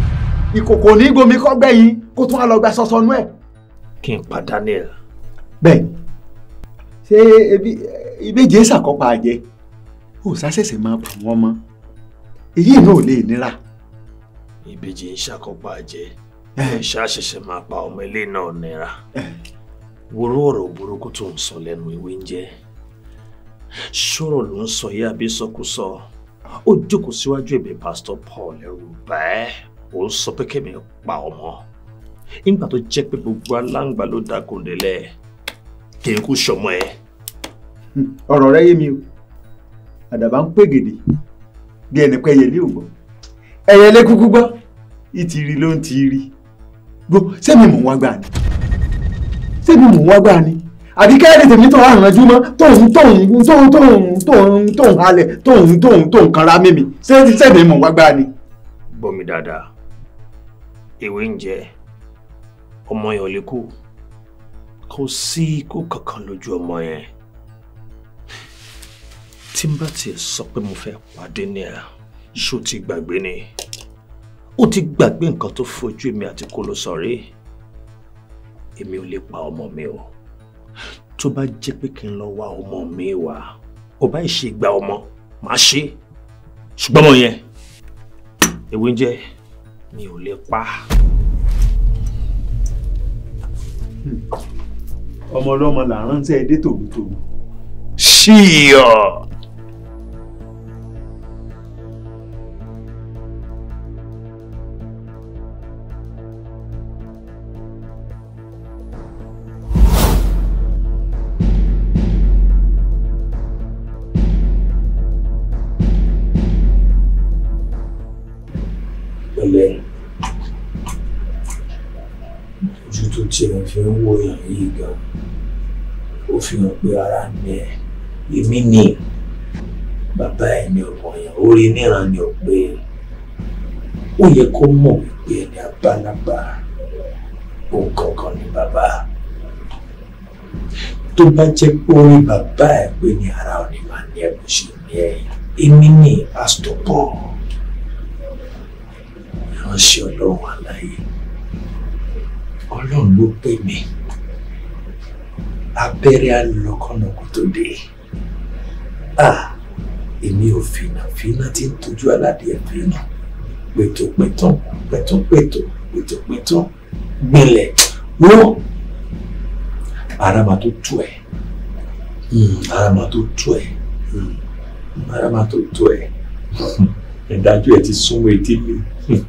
ìkòkò ní gomi kọ́ gbẹ̀yìn kó tún wá lọ gba sọ́sọ́ nú ẹ̀. kí n pa Daniel. bẹ́ẹ̀ ṣé ìbejì ẹ̀ ṣàkópa àjẹ ò sáṣẹ̀ṣẹ̀ máa bà wọ́n mọ́ èyí náà ò lè nira. ìbejì ń ṣàkópa àjẹ ṣàṣẹ̀ṣẹ̀ máa pa ọmọ ilé náà nira wúrú ọ̀rọ̀ burúkú tó ń sọ lẹ́nu ìwé ń jẹ́ ṣòro ló ń sọ yé abésọkúsọ ó jókòó síwájú ẹ̀bẹ̀ pásítọ̀ Paul ẹ̀rù bá ò ń sọ pé kẹ́mi pa ọmọ nígbà tó jẹ́ pé gbogbo aláǹgbá ló dákun délẹ̀ kì í kú sọmọ ẹ. Hmm, ọ̀rọ̀ rẹ yé mi o àdàbà ń pè gèdè bí ẹni pé ẹyẹlé ò gbọ́ ẹyẹlé kúkú gbọ́ ìtìrì ló ń ti rí gbọ́ sẹ́mi mò ń wá gbà ni sẹ́mi mò ń wá gbà ni àbí kẹ́hìndé tèmi tó àrànjú mọ́ tóun tóun tóun tóun tóun tóun halẹ̀ tóun tóun tóun kanra mímì sẹ́mi mò ń wá gbà ni. gbọ́ mi dáadáa ìwé ń jẹ ọmọ yẹn ò lè kú kò sí ikú kankan lójú ọmọ yẹn tí n bá tiẹ̀ sọ pé mo fẹ́ pàdé ní ẹ ṣó ti gbàgbé ni ó ti gbàgbé nǹkan tó fojú mi àti kó ló sọ rí èmi ò lè pa ọmọ mi o tó bá jẹ́ pé kí n lọ wá ọmọ mi wá ò bá ìṣe gba ọmọ màá ṣe ṣùgbọ́n mo yẹn èwe ń jẹ́ mi ò lè pa. ọmọ ọlọ́mọ là ń rántí ẹdẹ tòwútòwú. ṣíyọ̀. fi ń wo èèyàn yìí gan ó fi hàn pé ara ni ẹ èmi ni bàbá ẹ ní ọ̀pọ̀ èèyàn orí níran ni ò pé ó yẹ kó mọ̀ wípé ẹni abálábá òun kankan ni bàbá tó bá jẹ́ pé orí bàbá ẹ pé ní ara ò ní máa ní ẹ̀bùn ṣe ní ẹ̀yìn èmi ni pásítọ̀ Paul ìránṣẹ́ ọlọ́run àlàyé ọlọ́run ló pè mí abẹ́rẹ́ alọ́kànlọ́kùn tó dé èmi ò fìnàfìnà tí ń tójú aládìẹ fìnà pètòpètò pètòpètò pètòpètò gbilẹ̀ wó ara máa tó tú ẹ̀ hmm, ara máa tó tú ẹ̀ hmm, ara máa tó tú ẹ̀ ìdájọ́ ẹ̀ ti súnmọ́ etí mi.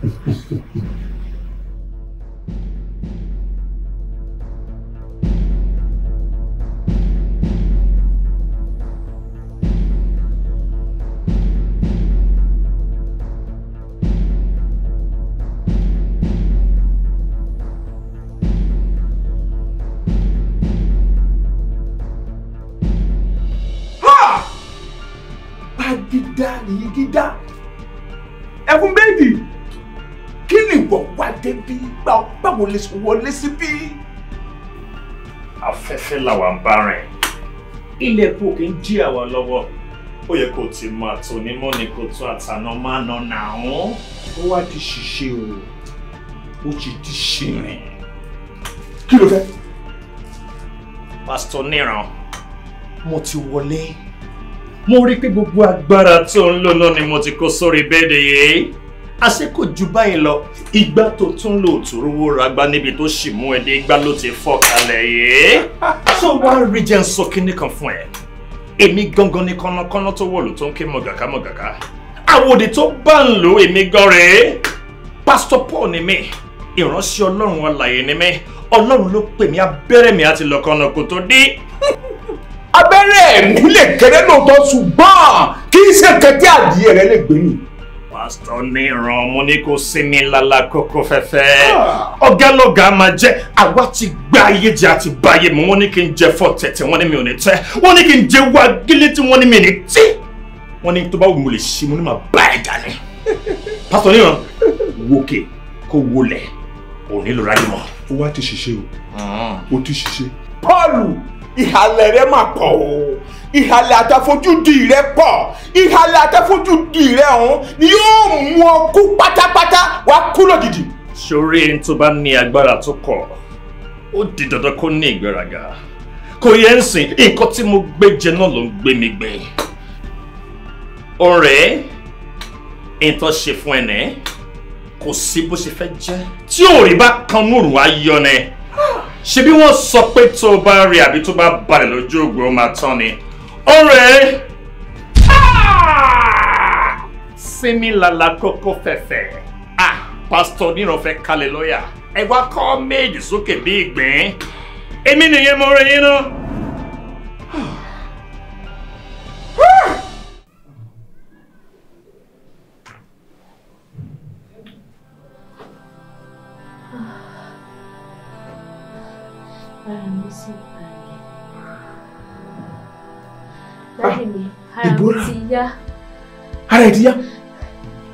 lè wọlé síbí. afẹ́fẹ́ làwa ń bá rìn ilẹ̀ kò kí ń jí àwa lọ́wọ́ ó yẹ kó ti mọ àtònímọ̀ ni kò tún àtàná máa nà nàún. ó wá di ṣìṣe o ó ti di ṣìrìn. kí ló fẹ́. pásítọ̀ níran mo ti wọlé mo rí i pé gbogbo agbára tó ń lò náà ni mo ti kó sórí bẹ́ẹ̀dẹ̀ yìí àṣé kò ju báyìí lọ ìgbà tó tún lò tó rówó ragbá níbi tó sì mú ẹ dé ìgbà ló ti fọ́ kalẹ̀ yìí tó wá rí jẹ́ sọ kíní kan fún ẹ èmi gangan ní kọ́nàkọ́nà tó wọ̀lù tó ń ké mọ̀gàká mọ̀gàká àwòdì tó bá ń lò èmi gan rèé pásítọ̀ Paul ni mí ìránṣẹ́ ọlọ́run alàyè ni mí ọlọ́run ló pè mí abẹ́rẹ́ mi àti lọ́kànnà kò tó dé abẹ́rẹ́ mi lè kéré lóòótọ́ ṣùgbọ́n kì í ṣe kẹ́kẹ́ adìyẹ rẹ lè gbé pásítọ̀ níran mo ní kó sinmi lálá kókó fẹ́fẹ́ ah. ọ̀gá lọ́gàá máa jẹ́ àwa ti gbá ayé jẹ àti báyé mi wọ́n ní kí n jẹ fọ́ tẹ̀tẹ̀ wọ́n ní mi ò ní tẹ́ wọ́n ní kí n jẹ wá gílé tí wọ́n ní mi ní tí wọ́n ní tó bá wù mí lè ṣe mo ní máa bá ẹ̀ dání pásítọ̀ níran wòkè kó wọlẹ̀ ò nílò ráyè mọ́. ó wá ti ṣiṣẹ́ o hmm. ó ti ṣiṣẹ́. paulu ìhàlẹ̀ rẹ mà pọ̀ o ìhàlẹ̀ àtàfojúdi rẹ pọ̀ ìhàlẹ̀ àtàfojúdi rẹ ọ̀hún ni yóò mú ọ kú pátápátá wàá kú lójijì. sórí ẹni tó bá ní agbára tó kọ ó di dandan kó ní ìgbéraga kò yẹ ń sìn nǹkan tí mo gbé jẹ náà ló ń gbé mi gbé ọ̀rẹ́ ìtàn ṣe fún ẹnẹ kò sí bó ṣe fẹ́ jẹ́ tí òòrì bá kan núrù á yọ ṣe bí wọ́n sọ pé tó o bá rí àbí tó bá balẹ̀ lójú ògbó ó máa tán ni ọ̀rẹ́ sinmi lala kókó fẹ̀fẹ̀ ah pásítọ̀ níran fẹ́ kalẹ̀ lọ́yà ẹ wá kọ́ méjì sókè bí ìgbín èmi nìyẹn mo rẹ yín náà. ara mi sì balẹ̀. Láyé mi, ara mi ti yá. Ara ẹ̀ ti yá.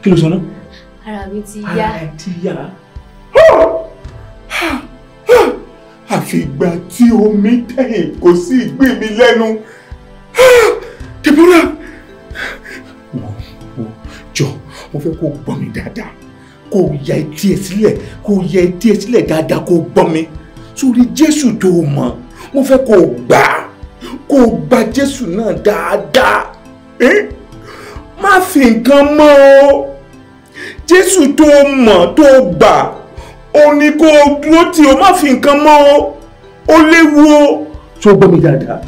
Kí ló sọ náà? Ara mi ti yá. Ara ẹ̀ ti yá. Àfìgbà tí omi tẹ̀yìn kò sí ìgbé mi lẹ́nu. Deborah! Wò wò jọ, mo fẹ́ kó gbọ́ mi dáadáa. Kó ya etí ẹ sílẹ̀, kó ya etí ẹ sílẹ̀ dáadáa kó gbọ́ mi sórí jésù tó o mọ̀ mo kó o gbà kó o gba jésù náà dáadáa má fi nǹkan mọ́ o jésù tó o mọ̀ tó o gbà ó ní kó o dúró tí o má fi nǹkan mọ́ o ó léwu o tó o gbọ́ mi dáadáa.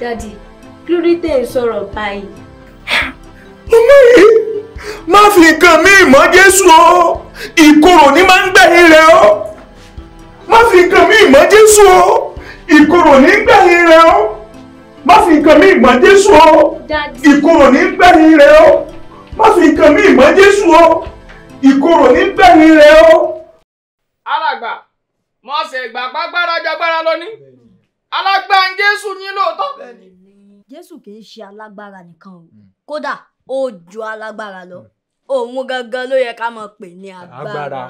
dadi kí ló dé tẹ̀ ń sọ̀rọ̀ báyìí. ọmọ yìí má fi nǹkan mí ìmọ̀ jésù o ìkorò ní máa ń gbẹ̀yìn rẹ̀ o má fi nǹkan mi ìmọ̀ Jésù o ìkorò ní gbẹ̀yìn rẹ o má fi nǹkan mi ìmọ̀ Jésù o ìkorò ní gbẹ̀yìn rẹ o má fi nǹkan mi ìmọ̀ Jésù o ìkorò ní gbẹ̀yìn rẹ o. alàgbà mo ṣe ìgbà pàgbára jagbára lónìí alágbá ń Jésù yín lóòótọ́. Jésù kì í ṣe alágbára nìkan o kódà ó ju alágbára lọ òun gangan ló yẹ ká máa pè ní agbára.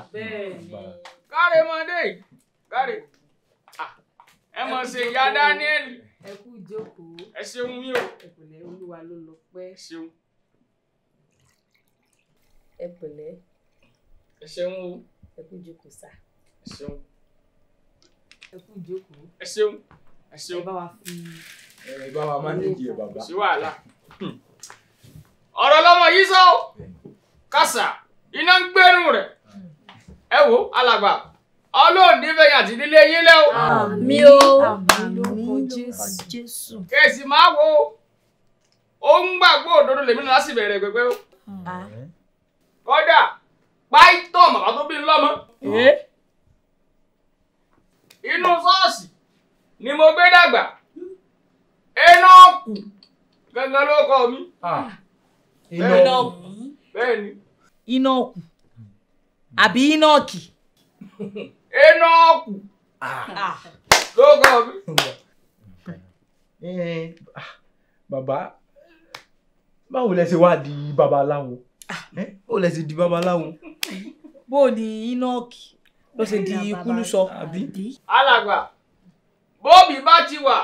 káre mọ́dé káre ẹ mọ̀ ṣe ìyá Daniel. ẹ kú ìjókòó. ẹ ṣeun yín o. ẹ pẹ̀lẹ́ olúwa ló lọ pẹ́. ṣeun. ẹ pẹ̀lẹ́. ẹ ṣeun o. ẹ kú ìjókòó sá. ẹ ṣeun. ẹ kú ìjókòó. ẹ ṣeun. ẹ ṣeun. ẹ bá wa fi. ẹ bá wa mánéjì ẹ bàbá. sí wàhálà. ọ̀rọ̀ lọmọ yìí sọ kásà iná ń gbẹ́rù rẹ̀ ẹ wo alàgbà ọlọ́run nífẹ̀ẹ́ àti nílé yín lẹ́ o. àmín o àmín jésù. kèsì máa wo ó ń gbàgbọ́ òdodo lèmi náà sì bẹ̀rẹ̀ pẹ̀pẹ́ o. kódà páítọ̀ màmá tó bí lọ́mọ. inú ṣọ́ọ̀ṣì ni mo gbé dàgbà Énọ́kù gangan ló kọ mi. Énọ́kù. bẹ́ẹ̀ ni. Énọ́kù àbí Énọ́kì. Enoku. Lóko ah. mi. Eh, ah, bàbá báwo lẹ ṣe wá di babaláwo? Ah. Eh, báwo lẹ ṣe di babaláwo? Bó o ní Enoki ló ṣe di ikúlú sọ? Alàgbà, bóòbí bá ti wà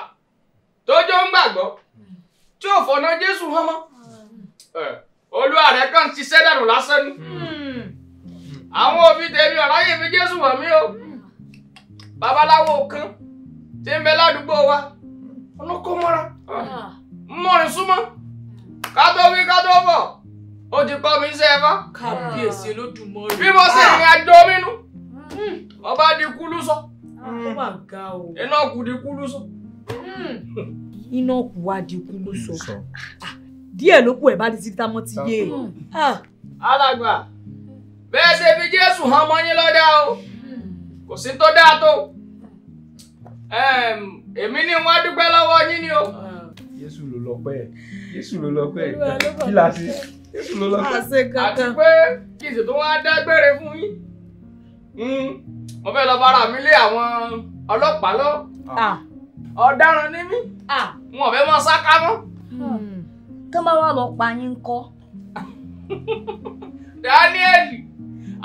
tójó ń gbàgbọ́ tí ò fọ̀nà Jésù hàn mọ́. Hmm. Eh, Olúwa rẹ̀ kàn ti ṣẹ́dànù lásán ni. Hmm àwọn òfin tèmi ọ̀ráyè fi jésù wọ̀ mí o babaláwo kan tí ń bẹ ládùúgbò wa ọlọ́kọ́ mọ́ra mọ́rin súnmọ́ ká tó wí ká tó bọ̀ ó ti kọ́ mi iṣẹ́ ẹ̀fọ́. kábíyèsí olódùmọ̀rẹ́. bí mo ṣe ìrìn àjò mi nù ọba di kúlú sọ. ó mà ga iná kù di kúlú sọ. iná kù wá di kúlú sọ. Ah, díẹ̀ ló kù ẹ̀ bá di títí támọ́ ti yé e. alàgbà bẹ́ẹ̀ ṣe fi jésù hàn ọmọ yín lọ́dá o kò sí tó dáa tó èmi ní wọn dúpẹ́ lọ́wọ́ yín ni o. jésù ló lọ pẹ́ jésù ló lọ pẹ́ kí la ṣe jésù ló lọ pẹ́. àti pé kí n sì tún wá dágbére fún yín hmm, mo fẹ́ lọ bára mi lé àwọn ọlọ́pàá lọ ah. ọ̀daràn ni mí ah. wọn ò fẹ́ mọ sáká mọ́. Hmm. tó bá wà lọ pa yín kọ́. daniel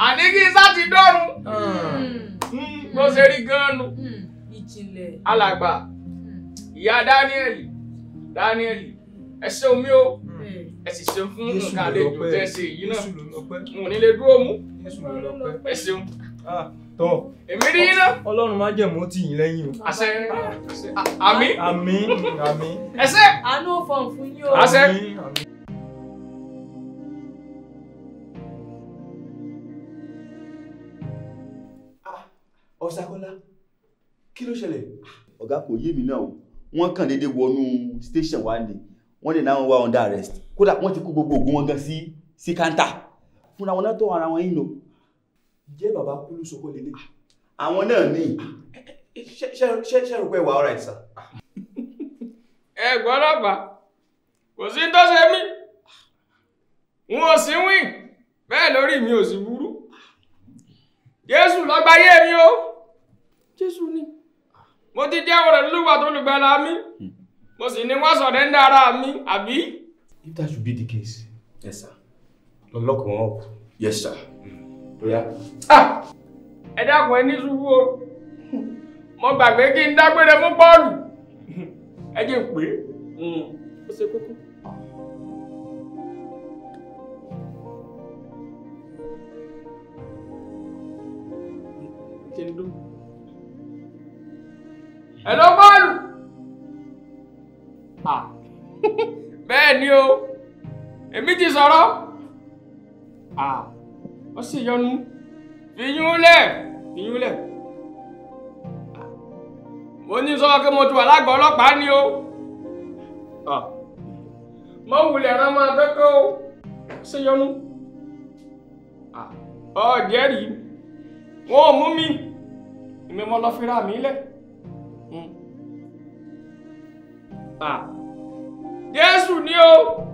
àní kí n sáti dọ́run hmm. Hmm, bó ṣe rí gan-an nu hmm. alàgbà ìyá Daniel Daniel ẹ ṣeun mi o ẹ sì ṣeun fún nǹkan àlejò tẹ ṣe èyí náà n ò ní lè dúró mú ẹ ṣeun ah, tọ èmi rí iná. Ọlọ́run má jẹ̀mú tì yín lẹ́yìn o. àṣẹ àmín àmín àmín. ẹ ṣé. àánú fọ̀n fún yín o. àṣẹ. ọ̀sàkọ́lá kí ló ṣẹlẹ̀. ọ̀gá kò yé mi náà o wọ́n kàn déédéé wọnú station wa ni wọ́n lè náà wá under arrest kódà wọ́n ti kó gbogbo oògùn wọn gan sí sí káńtà fúnra wọn látọ̀ ara wọn yìí nù. ǹjẹ́ bàbá kúlú sọ́kọ́ lélẹ̀. àwọn náà ní. ṣe ṣe rò pé wà ọ̀rẹ́ ìsà. ẹ gbọ́ ọlọ́pàá kò sí tó ṣe mí n ò sí wín bẹ́ẹ̀ lórí mi ò sí burú jésù ló mi o jésù ni mo ti jẹ́wọ́ rẹ̀ lóluwà tó lùgbàlà mi hmm. mo sì ní wọ́n sọ̀rẹ́ńdà ara mi àbí. if that should be the case. yes sir. lọ lock wọn up. yes sir. bóyá. Hmm. Ah! ẹ dákun ẹ ní sùúrù o mo gbàgbé kí n dágbére fún pọ́ọ̀lù ẹ jẹ́ pé hmm. ó ṣe kókó. kí n dún ẹ lọ bọ́ọ̀lù. bẹ́ẹ̀ ni o èmi ti sọ̀rọ̀ ó sì yọnu fìyún lẹ̀ fìyún lẹ̀ mo ní sọ pé mo ti wà lágọ̀ọ́ ọlọ́pàá ni o mo wulẹ̀ rán máa dọ́kọ́ o ṣe yọnu ọ̀ọ́dẹ́rì wọn ò mú mi ìmọ̀ lọ́ọ́ fi ra mi lẹ̀. yesu ah. ni o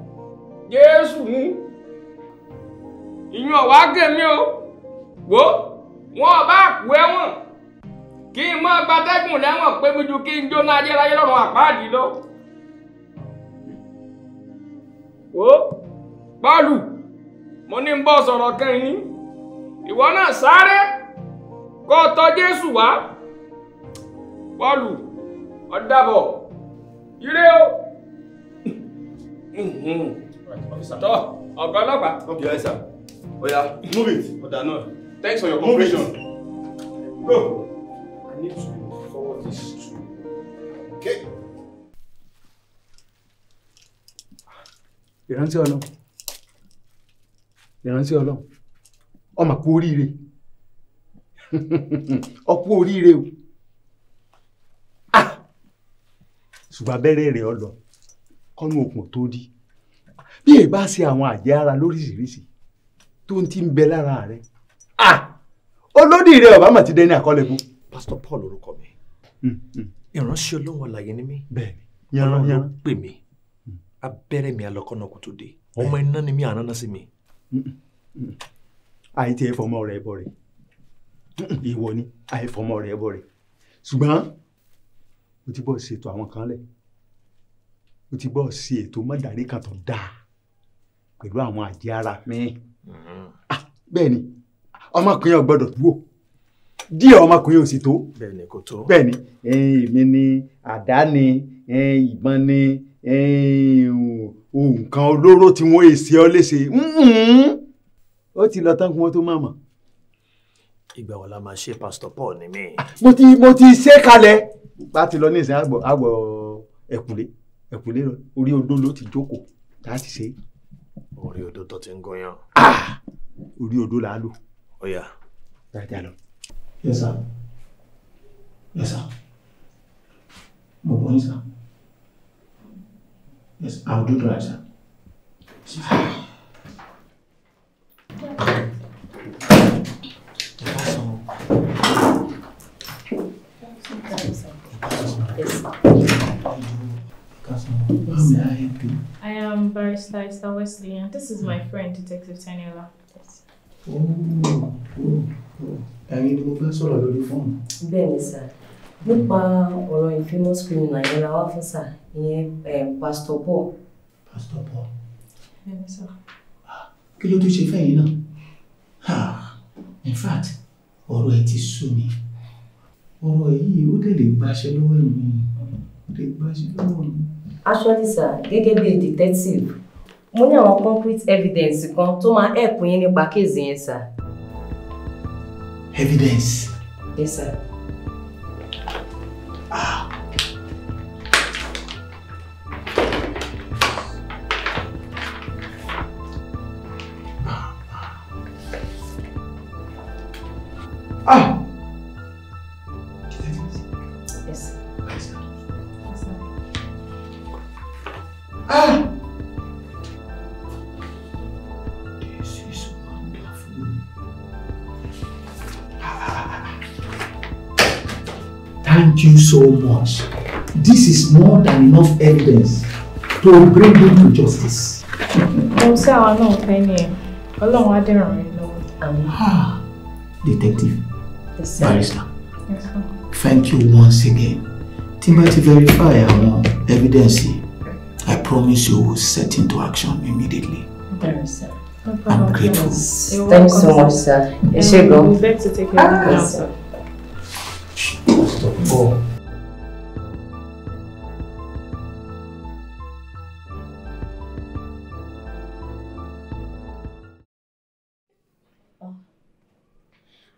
yesu mú ìyún ọwa gẹmi o wo wọn ọba kú ẹwọn kí n mọ gbatẹ́gùn lẹwọn pé mi ju kí n jóná ayérayé lọ́rùn àpáàdì lọ. wò pọ́ọ̀lù mo ní n bọ́ sọ̀rọ̀ kan ní ìwọ náà sáré kó o tọ́ jésù wá pọ́ọ̀lù ó ire o. Mm-hmm. tọ́ ọ̀gá ọlọ́pàá. okay yes sir oya move it ọ̀dà náà. thanks for your cooperation. go. i need to forward this to you. okay. ìrántí ọlọ́run ìrántí ọlọ́run ọmọ kú oríire ọkú oríire o. ṣùgbọ́n abẹ́rẹ́ rẹ̀ ọ lọ kọ́nú okùn tó dí bí èyí bá ṣe àwọn àjẹ́ ara lóríṣiríṣi tó ń ti ń bẹ lára rẹ̀ olódì rẹ̀ ọ̀bá mà ti dẹni àkọlẹ̀ bó. pásítọ̀ Paul orúkọ mi hmm, hmm. ìránṣẹ́ Ọlọ́run àlàyé ni mí Ọlọ́run ló pè mí hmm. abẹ́rẹ́ mi alọ́kọ́nà kò tó dé ọmọ iná ni mí ànáná sí mi. àìtí ẹ̀fọ́ ọmọ rẹ̀ bọ̀ rẹ̀ ìwọ ni àìfọ́ ọmọ rẹ̀ bọ̀ rẹ̀ ṣùgbọ́n o ti bọ́ ṣètò àwọn kan lẹ̀ mo ti bọ́ ṣe ètò mọ́jàrí kan tó dáa pẹ̀lú àwọn àjẹ ara mi mm-hmm. ah, bẹ́ẹ̀ ni ọmọkùnrin ò gbọ́dọ̀ dúró díẹ̀ ọmọkùnrin ò sì tó bẹ́ẹ̀ ni kò tó bẹ́ẹ̀ ni èmi ni àdá ni ìbọn ni nǹkan olóró tí wọ́n èsì ọ léṣe mm-hmm. ó ti lọ tán kí wọ́n tó máa mọ̀. ìgbà wo la máa ṣe pásítọ̀ Paul ni mí. mo ti mo ti ṣe kalẹ̀ bá ti lọ ní ìsìn àgbọ̀ àgbọ̀ ẹ̀kúnlé ẹ̀kúnlé orí odó ló ti jókòó láti ṣe. orí odó tó ti ń gọyàn. Ah! orí odó là á lò. ó yá. dájà lọ. yes sir yes sir mo bọ́ yín sir yes i will do the barrister Esther Wesley, and this is my hmm. friend, Detective Taniola. Oh, oh, oh. Ẹ̀yin ni mo fẹ́ sọ̀rọ̀ lórí fóònù. Bẹ́ẹ̀ni sà, nípa ọ̀rọ̀ infamous criminal yẹn la wá fún sà, ìyẹn eh, Pastor Paul. Pastor Paul. Bẹ́ẹ̀ni sà. Ah, kí ló tún ṣe fẹ́yìn náà? In fact, ọ̀rọ̀ ẹ ti sú mi. Ọ̀rọ̀ yìí ó bachelor lè gbaṣẹ́ lọ́wọ́ mi. Lè gbaṣẹ́ Actually sir gẹ́gẹ́ bí detective mo ní àwọn concrete evidence kan tó máa help yín nípa kéèzì yẹn sir. evidence. yes sir. much. This is more than enough evidence to bring him to justice. Mo sẹ́ àwọn náà fẹ́ ni ẹ̀, Ọlọ́run á dẹ̀ràn rẹ̀ Detective, yes, barrister, yes, sir. thank you once again. Tí n bá ti verify àwọn evidence I promise you will set into action immediately. Very sir. No problem, I'm grateful. Yes. Thank you so much, sir. Ẹ ṣé eh, gan. We beg to take care ah, yes, sir. Oh.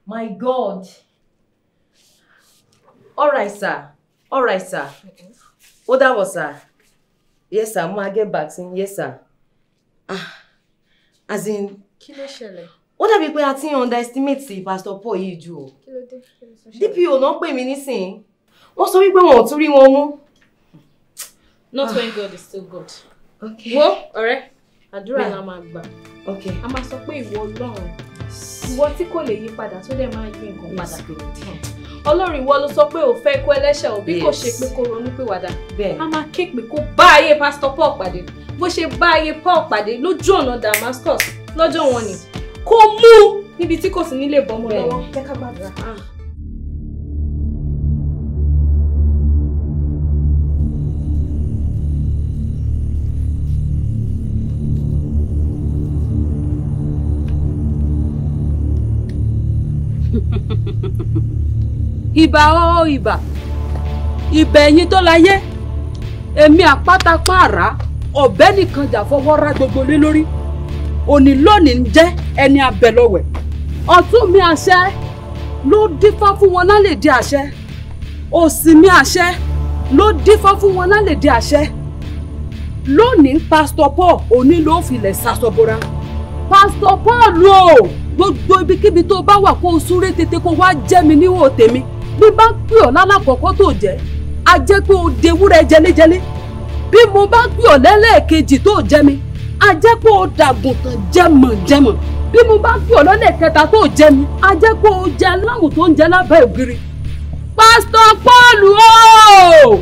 My God. All right, sir. All right, sir. Ó dàbọ̀, sir. Yes, sir. Mo get back sí Yes, sir. Ah, as in. Kilo ló What have you been a ti underestimate sí Pastor Paul yìí jù o. Kí ló dé? DPO not pay me anything. What's the wípé wọn ò tún rí wọn mú. Not ah. when God is still good. Okay. Wo ọ̀rẹ́, àdúrà la máa gbà a máa sọ pé ìwọ ọlọ́run ìwọ tí kò lè yí padà tó dẹ̀ máa yí nǹkan padà ọlọ́run ìwọ ló sọ pé ò fẹ́ kó ẹlẹ́ṣẹ̀ ò bí kò ṣe pé kó ronú pìwàdà a máa ké pé kó bá ayé pásítọ̀ paul pàdé bó ṣe bá ayé paul pàdé lójú ọ̀nà damascus lọ́jọ́ wọn ni kó mú níbi tí kò sí nílé bọ́mọ lọ́wọ́ jẹ́ ká gbàdúrà. Ah. ìbà o ìbà ìbà ẹ̀yin tó láyé èmi àpátápàrà ọ̀bẹ nìkan jà fọwọ́ ra gbogbo lé lórí òní lónìí ń jẹ́ ẹni abẹ́lọ́wẹ̀ ọ̀tún mi àṣẹ ló dífá fún wọn lálẹ́ di àṣẹ òsì mi àṣẹ ló dífá fún wọn lálẹ́ di àṣẹ lónìí pásítọ̀ paul òní ló filẹ̀ sasọ̀bọ̀ra pásítọ̀ paul o. No! gbogbo ibikíbi tó bá wà kó o súré tètè kó wá jẹ́ mi níwò tèmi bí bá pè ọ́ lálàkọ̀ọ́kọ́ tó jẹ́ a jẹ́ pé o dewúrẹ́ jẹlẹ́jẹlẹ́ bí mo bá pè ọ́ lẹ́lẹ́ẹ̀kejì tó jẹ́ mi a jẹ́ pé o dàgùntàn jẹmọ̀jẹmọ̀ bí mo bá pè ọ́ lọ́lẹ́ẹ̀kẹta tó jẹ́ mi a jẹ́ pé o jẹ aláwọ̀ tó ń jẹ lábẹ́ ògiri pásítọ̀ pọ́ọ̀lù o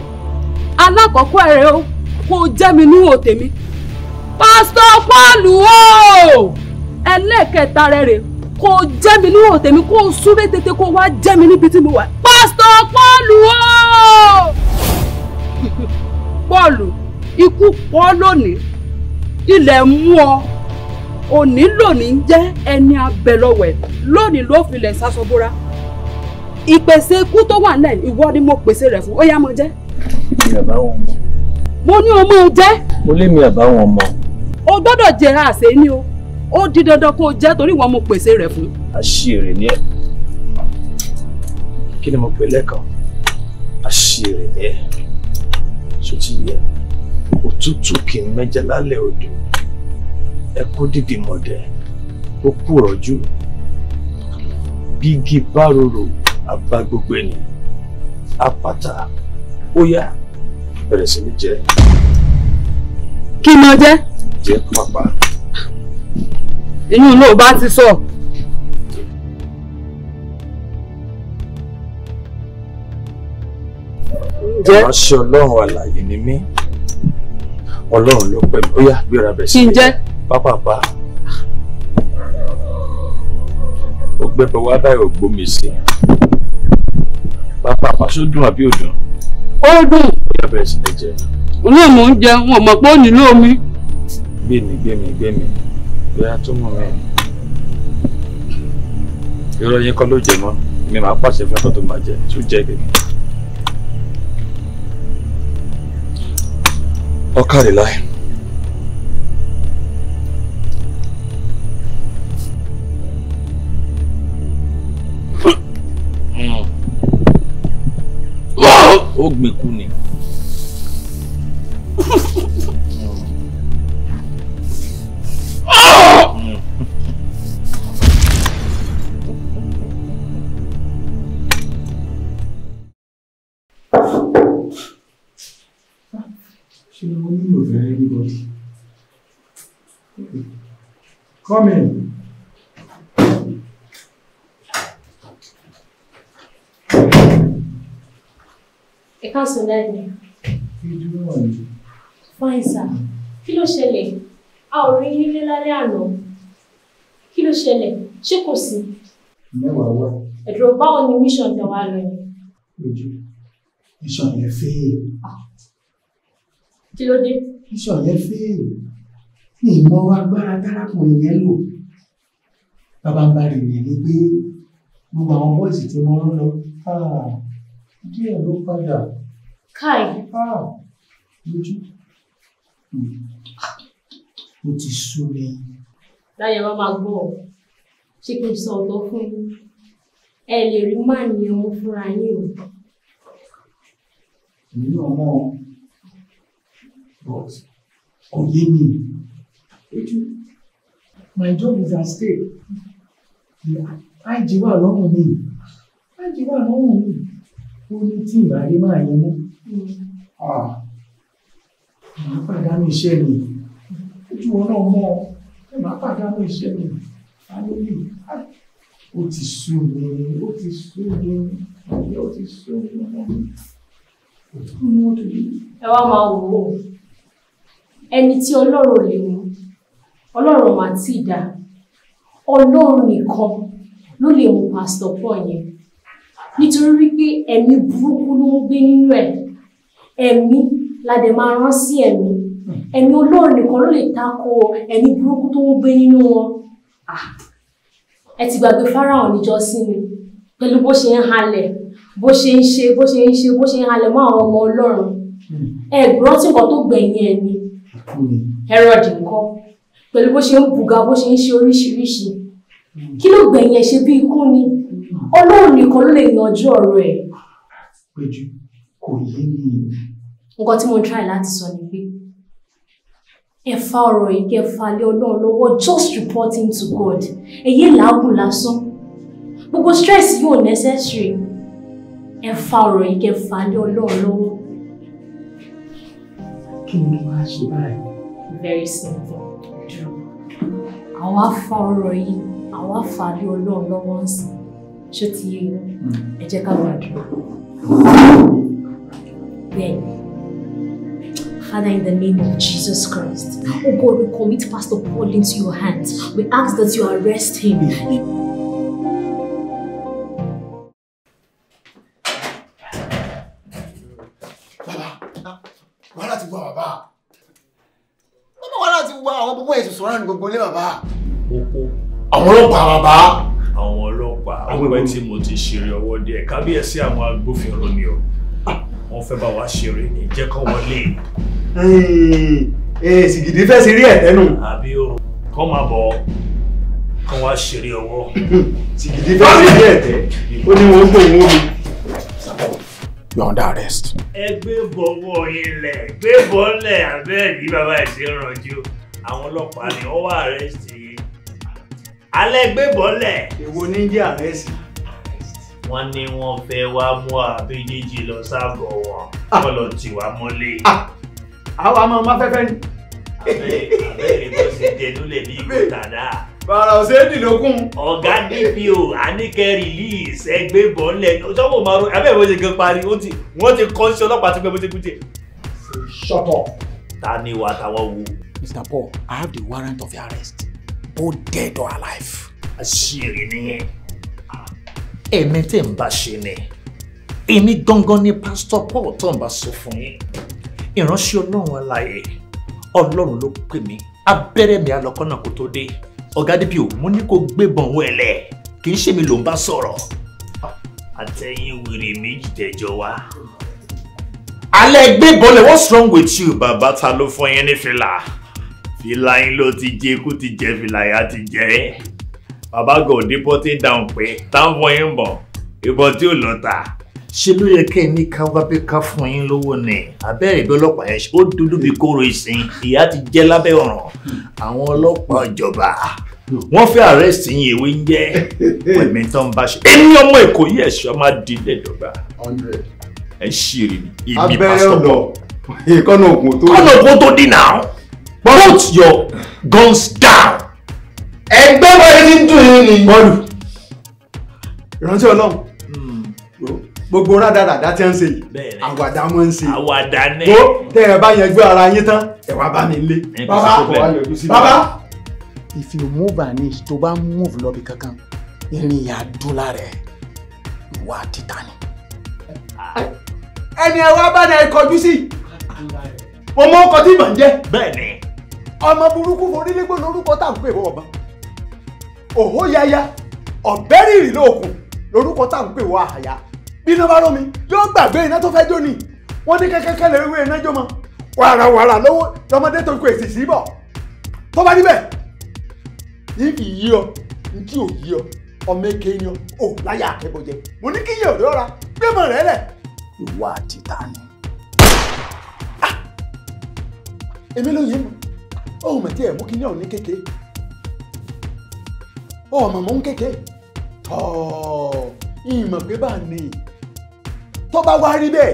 alákọ̀ọ́kọ́ rẹ̀ o kó o jẹ́ mi níwò tèmi pásítọ̀ pọ́ọ̀lù o ẹlẹ́ẹ̀kẹta rẹ rè kò jẹ́ mi níwọ̀n tèmi kó o súré tètè kó wá jẹ́ mi níbi tí mo wà. pásítọ̀ pọ́ọ̀lù o pọ́ọ̀lù ikú pọ́ lónìí ilẹ̀ mú ọ òní lónìí ń jẹ́ ẹni abẹ́lọ́wẹ̀ lónìí ló filẹ̀ sásọ́bóra ìpèsè ikú tó wà nílẹ̀ ìwọ ni mo pèsè rẹ̀ fún ó yá mo jẹ́. mi àbá wọn mọ. mo ní ọmọ jẹ́. mo lé mi àbá wọn o gbọ́dọ̀ jẹ́ àṣẹ ni o ó di dandan kó o jẹ́ torí wọn mo pèsè rẹ̀ fún. àṣìírí ni ẹ kí ni mo pè lẹ́kàn àṣìírí ni ẹ ṣó ti yẹ òtútù kì í mẹ́jẹ lálẹ́ odò ẹ kó dìdì mọ̀dẹ́ ó kú ọ̀rọ̀jú bígi bárorò àbá gbogbo ẹni àpáta ó yá bẹ̀rẹ̀ sí ní jẹ. kí ni ó jẹ pàápàá inú ló bá ti sọ. ìránṣẹ́ ọlọ́run àlàyé ni mí ọlọ́run ló pẹ̀lú bóyá gbéra bẹ̀ sí i pápápá ó gbẹ́bẹ̀ wá báyìí ò gbómi sí i pápápá ṣó dùn àbí ò dùn. ó dùn. bóyá bẹ̀rẹ̀ sí ni jẹ. olóòmù ń jẹ wọn mọ̀ pé ó nílò omi. gbé mi gbé ìyá tó mọ̀ mí irọ́ yín kọ́ ló jẹ mọ́ mi máa pàṣẹ fún ẹ̀kọ́ tó máa jẹ tó jẹ kìíní. ọkàrí láì. ó gbìn ni. kí ló nílò fún everybody come in. ẹ káàsán dáàdì. kí ló wà ní. fine sir kí ló ṣẹlẹ̀ a ò rí nílé lálẹ́ àná kí ló ṣẹlẹ̀ ṣé kò sí. mẹ́wàá wá. ẹ̀dùn báwo ni mission tẹ̀ wá lọ yẹn. lójú mission yẹn fẹ́ẹ́ kí ló dé. iṣẹ́ ọ̀lẹ́ fèèrè ní ìmọ̀ agbára dárákùnrin yẹn lò bàbá bá rí rẹ̀ ni pé gbogbo àwọn bọ́ọ̀sì tí wọ́n ń lọ ah, díẹ̀ ló padà. káì. Ah, lójú mo hmm. ti sú mi. láyé wa máa gbọ́ ṣé kí n sọ ọ̀tọ̀ fún yín ẹ lè rí máàní ọmọ fúnra yín o. èmi náà mọ̀ ọ́. God, oyé me. My job is at stake. Àìjí wà lọ́rùn mi. Àìjí wà lọ́rùn mi. Ó ní tí ìbàdí máa yẹ mú. Hmm. Ah. Màá pàdánù iṣẹ́ mi. Ojú wọn náà mọ́ ọ. Màá pàdánù iṣẹ́ mi. Alóyè. Ó ti sú mi. Ó ti sú mi. Ó ti sú mi. Ó ti sú mi. Ó ti sú mi. Ẹ wá máa wò ó ẹni tí ọlọ́run lè mú ọlọ́run mà tí ì dá ọlọ́run nìkan ló lè mú pásítọ̀ Paul yẹn nítorí wípé ẹ̀mí burúkú ló ń gbé nínú ẹ̀ ẹ̀mí la dẹ̀ máa rán sí ẹ̀mí ẹ̀mí ọlọ́run nìkan ló lè tako ẹ̀mí burúkú tó ń gbé nínú wọn ẹ ti gbàgbé Fáráò níjọ́sí ni pẹ̀lú bó ṣe ń halẹ̀ bó ṣe ń ṣe bó ṣe ń ṣe bó ṣe ń halẹ̀ mọ́ àwọn ọmọ ọlọ́run hmm. ẹ̀gbọ́n tí nǹkan tó gbẹ̀yìn ẹ̀ ni. Herod nǹkan pẹ̀lú bó ṣe ń bùgà bó ṣe ń ṣe oríṣiríṣi kí ló gbẹ̀yìn ẹ̀ ṣe bí ikú ni Ọlọ́run nìkan ló lè yanjú ọ̀rọ̀ ẹ̀. Péjú kò yé mi. Nǹkan tí mo try láti sọ ni pé ẹ fa ọ̀rọ̀ yìí kẹ́ fa lé Ọlọ́run lọ́wọ́ just reporting to God ẹ̀yẹ́ làágùn lásán gbogbo stress yóò necessary ẹ fa ọ̀rọ̀ yìí kẹ́ fa lé Ọlọ́run lọ́wọ́ kí ni ṣe báyìí. very simple dúró àwa fa ọ̀rọ̀ yìí àwa fa lé Ọlọ́run lọ́wọ́ ń sìn ṣó ti yé hmm. ẹ jẹ́ ká gbàdúrà. bẹ́ẹ̀ Father, in the name of Jesus Christ. Hmm. Oh God, we commit Pastor Paul into your hands. We ask that you arrest him. Hmm. púpọ̀ èsì sọ̀rọ̀ ní gbogbo ilé bàbá. oko àwọn ọlọ́pàá bàbá. àwọn ọlọ́pàá àwọn ìwé tí mo ti ṣeré ọwọ́ díẹ̀ kábíyèsí àwọn agbófinró ni o wọ́n fẹ́ bá wa ṣeré ní jẹ́ kán wọlé. ee sìgìdì fẹ́ ṣeré ẹ̀ tẹ́nu. àbí o kọ́ máa bọ̀ kán wá ṣeré ọwọ́. sìgìdì fẹ́ ṣeré ẹ̀ tẹ́ ó ní wọ́n gbòòwò mi. You're under arrest. Ẹ gbé bọ̀wọ̀ ilẹ̀ gbé bọ́lẹ̀ abẹ́ẹ̀ ní bàbá ìṣèrànjú àwọn ọlọ́pàá ni wọ́n wá àrẹ́sì alẹ́ gbébọ́lẹ̀. èwo ní jẹ́ àrẹ́sì. wọ́n ní wọ́n fẹ́ wá mú àbẹ́jẹ́jì lọ ságọ̀ wọn kọ́ ah. lọ tì wá mọ́lé. Ah. àwa máa má fẹ́fẹ́ ni. abẹ́rẹ́ tó ṣe dẹnu lè bí ìgbòtàdá. bàrà ọ̀sẹ̀ èdè lókun. ọ̀gá dpo anike release ẹgbẹ́ bọ́lẹ̀ sọ́wọ́ márùn abẹ́rẹ́ bó ṣe gan parí wọ́n ti kọ́ sí ọlọ́pàá tí pẹ́ bó ṣe kú tiẹ̀. shut ta ni wàá tàwọn wo. Mr. Paul, I have the warrant of your arrest. Both dead or alive. Àṣírí nìyẹn. Ẹ̀mí tẹ̀ ń ni. Èmi Pastor Paul tó ń bá sọ fún yín. Ìránṣẹ́ Ọlọ́run alààyè. Ọlọ́run ló pè mí. Abẹ́rẹ́ mi alọ́kọ́nà kò tó dé. Ọ̀gá DPO, mo ní kó gbébọn wẹ̀lẹ̀. Kì í ṣèmi ló ń bá sọ̀rọ̀. Àtẹ̀yìn wèrè méjì what's wrong with you bàbá ta ló fún yín fìlà yín ló ti jẹ ikú ti jẹ fìlà yà ti jẹ ẹ́ bàbá gòdì pọ́tì dáhùn pé táwọn yín bọ̀ ìbọn tí ò lọ́ta ṣe ló yẹ kẹ́ ẹ ní ká wá bí ká fún yín lówó ni abẹ́rẹ́ bí ọlọ́pàá yẹn ó dúdú bí kóró ìsìn ìyá ti jẹ́ lábẹ́ ọ̀ràn àwọn ọlọ́pàá ìjọba wọ́n fẹ́ àrẹ́sì yín ewé ń jẹ́ pẹ̀mí tó ń bá ṣe ẹni ọmọ èkó yìí ẹ̀ṣọ́ máa di lẹ́dọ̀gbà ẹ̀ ṣì rí ibi pásítọ̀ abẹ́rẹ́ ọ̀nà ìkọ́nà ògùn tó dì náà put your guns down. ẹgbẹ́ bọ́ọ̀lù ti ń dùn yín ni. bọ́ọ̀lù ìrántí ọlọ́run gbogbo rádaràdá tí ń ṣe yìí àwàdà wọn ń ṣe àwàdà ní. tó tẹ ẹ bá yẹn gbé ara yín tán ẹ wá bá mi lé. bàbá bàbá. if you move an inch tó bá move lọ bí kankan irin ìyá dúlá rẹ ìwà títà ni. ẹni ẹ wá bá ní ẹ kọjú sí mo mọ ọkọ tí ìbọn bẹ́ẹ̀ni ọmọ burúkú forílégbò lórúkọ tá à ń pè wọ ọba òhó yaya ọ̀bẹ́rìrì lóògùn lórúkọ tá à ń pè wọ àyà bí iná bá rómi yóò gbàgbé iná tó fẹ́ jó ni wọ́n ní kẹ́kẹ́kẹ́ lè wé iná jó mọ́ wàràwàrà lọ́wọ́ lọ́mọdé tó kó èsì sí bọ̀ tó bá níbẹ̀ ìfì yí ọ ntí ò yí ọ ọmọ èké ni ọ ò láyà àkẹ́bọ̀jẹ mo ní kí yẹ ọ̀rẹ́ ọ̀ra gbẹ́mọ̀ rẹ lẹ̀. ìwà àti tani. Ah! èmi ló yé mi. Oh my dear, ẹ̀ mú kí ní ọ̀hún ní kéke ó mà mọ́ my baby. tọ́ ìmọ̀ pé bá ní tó bá wá rí bẹ́ẹ̀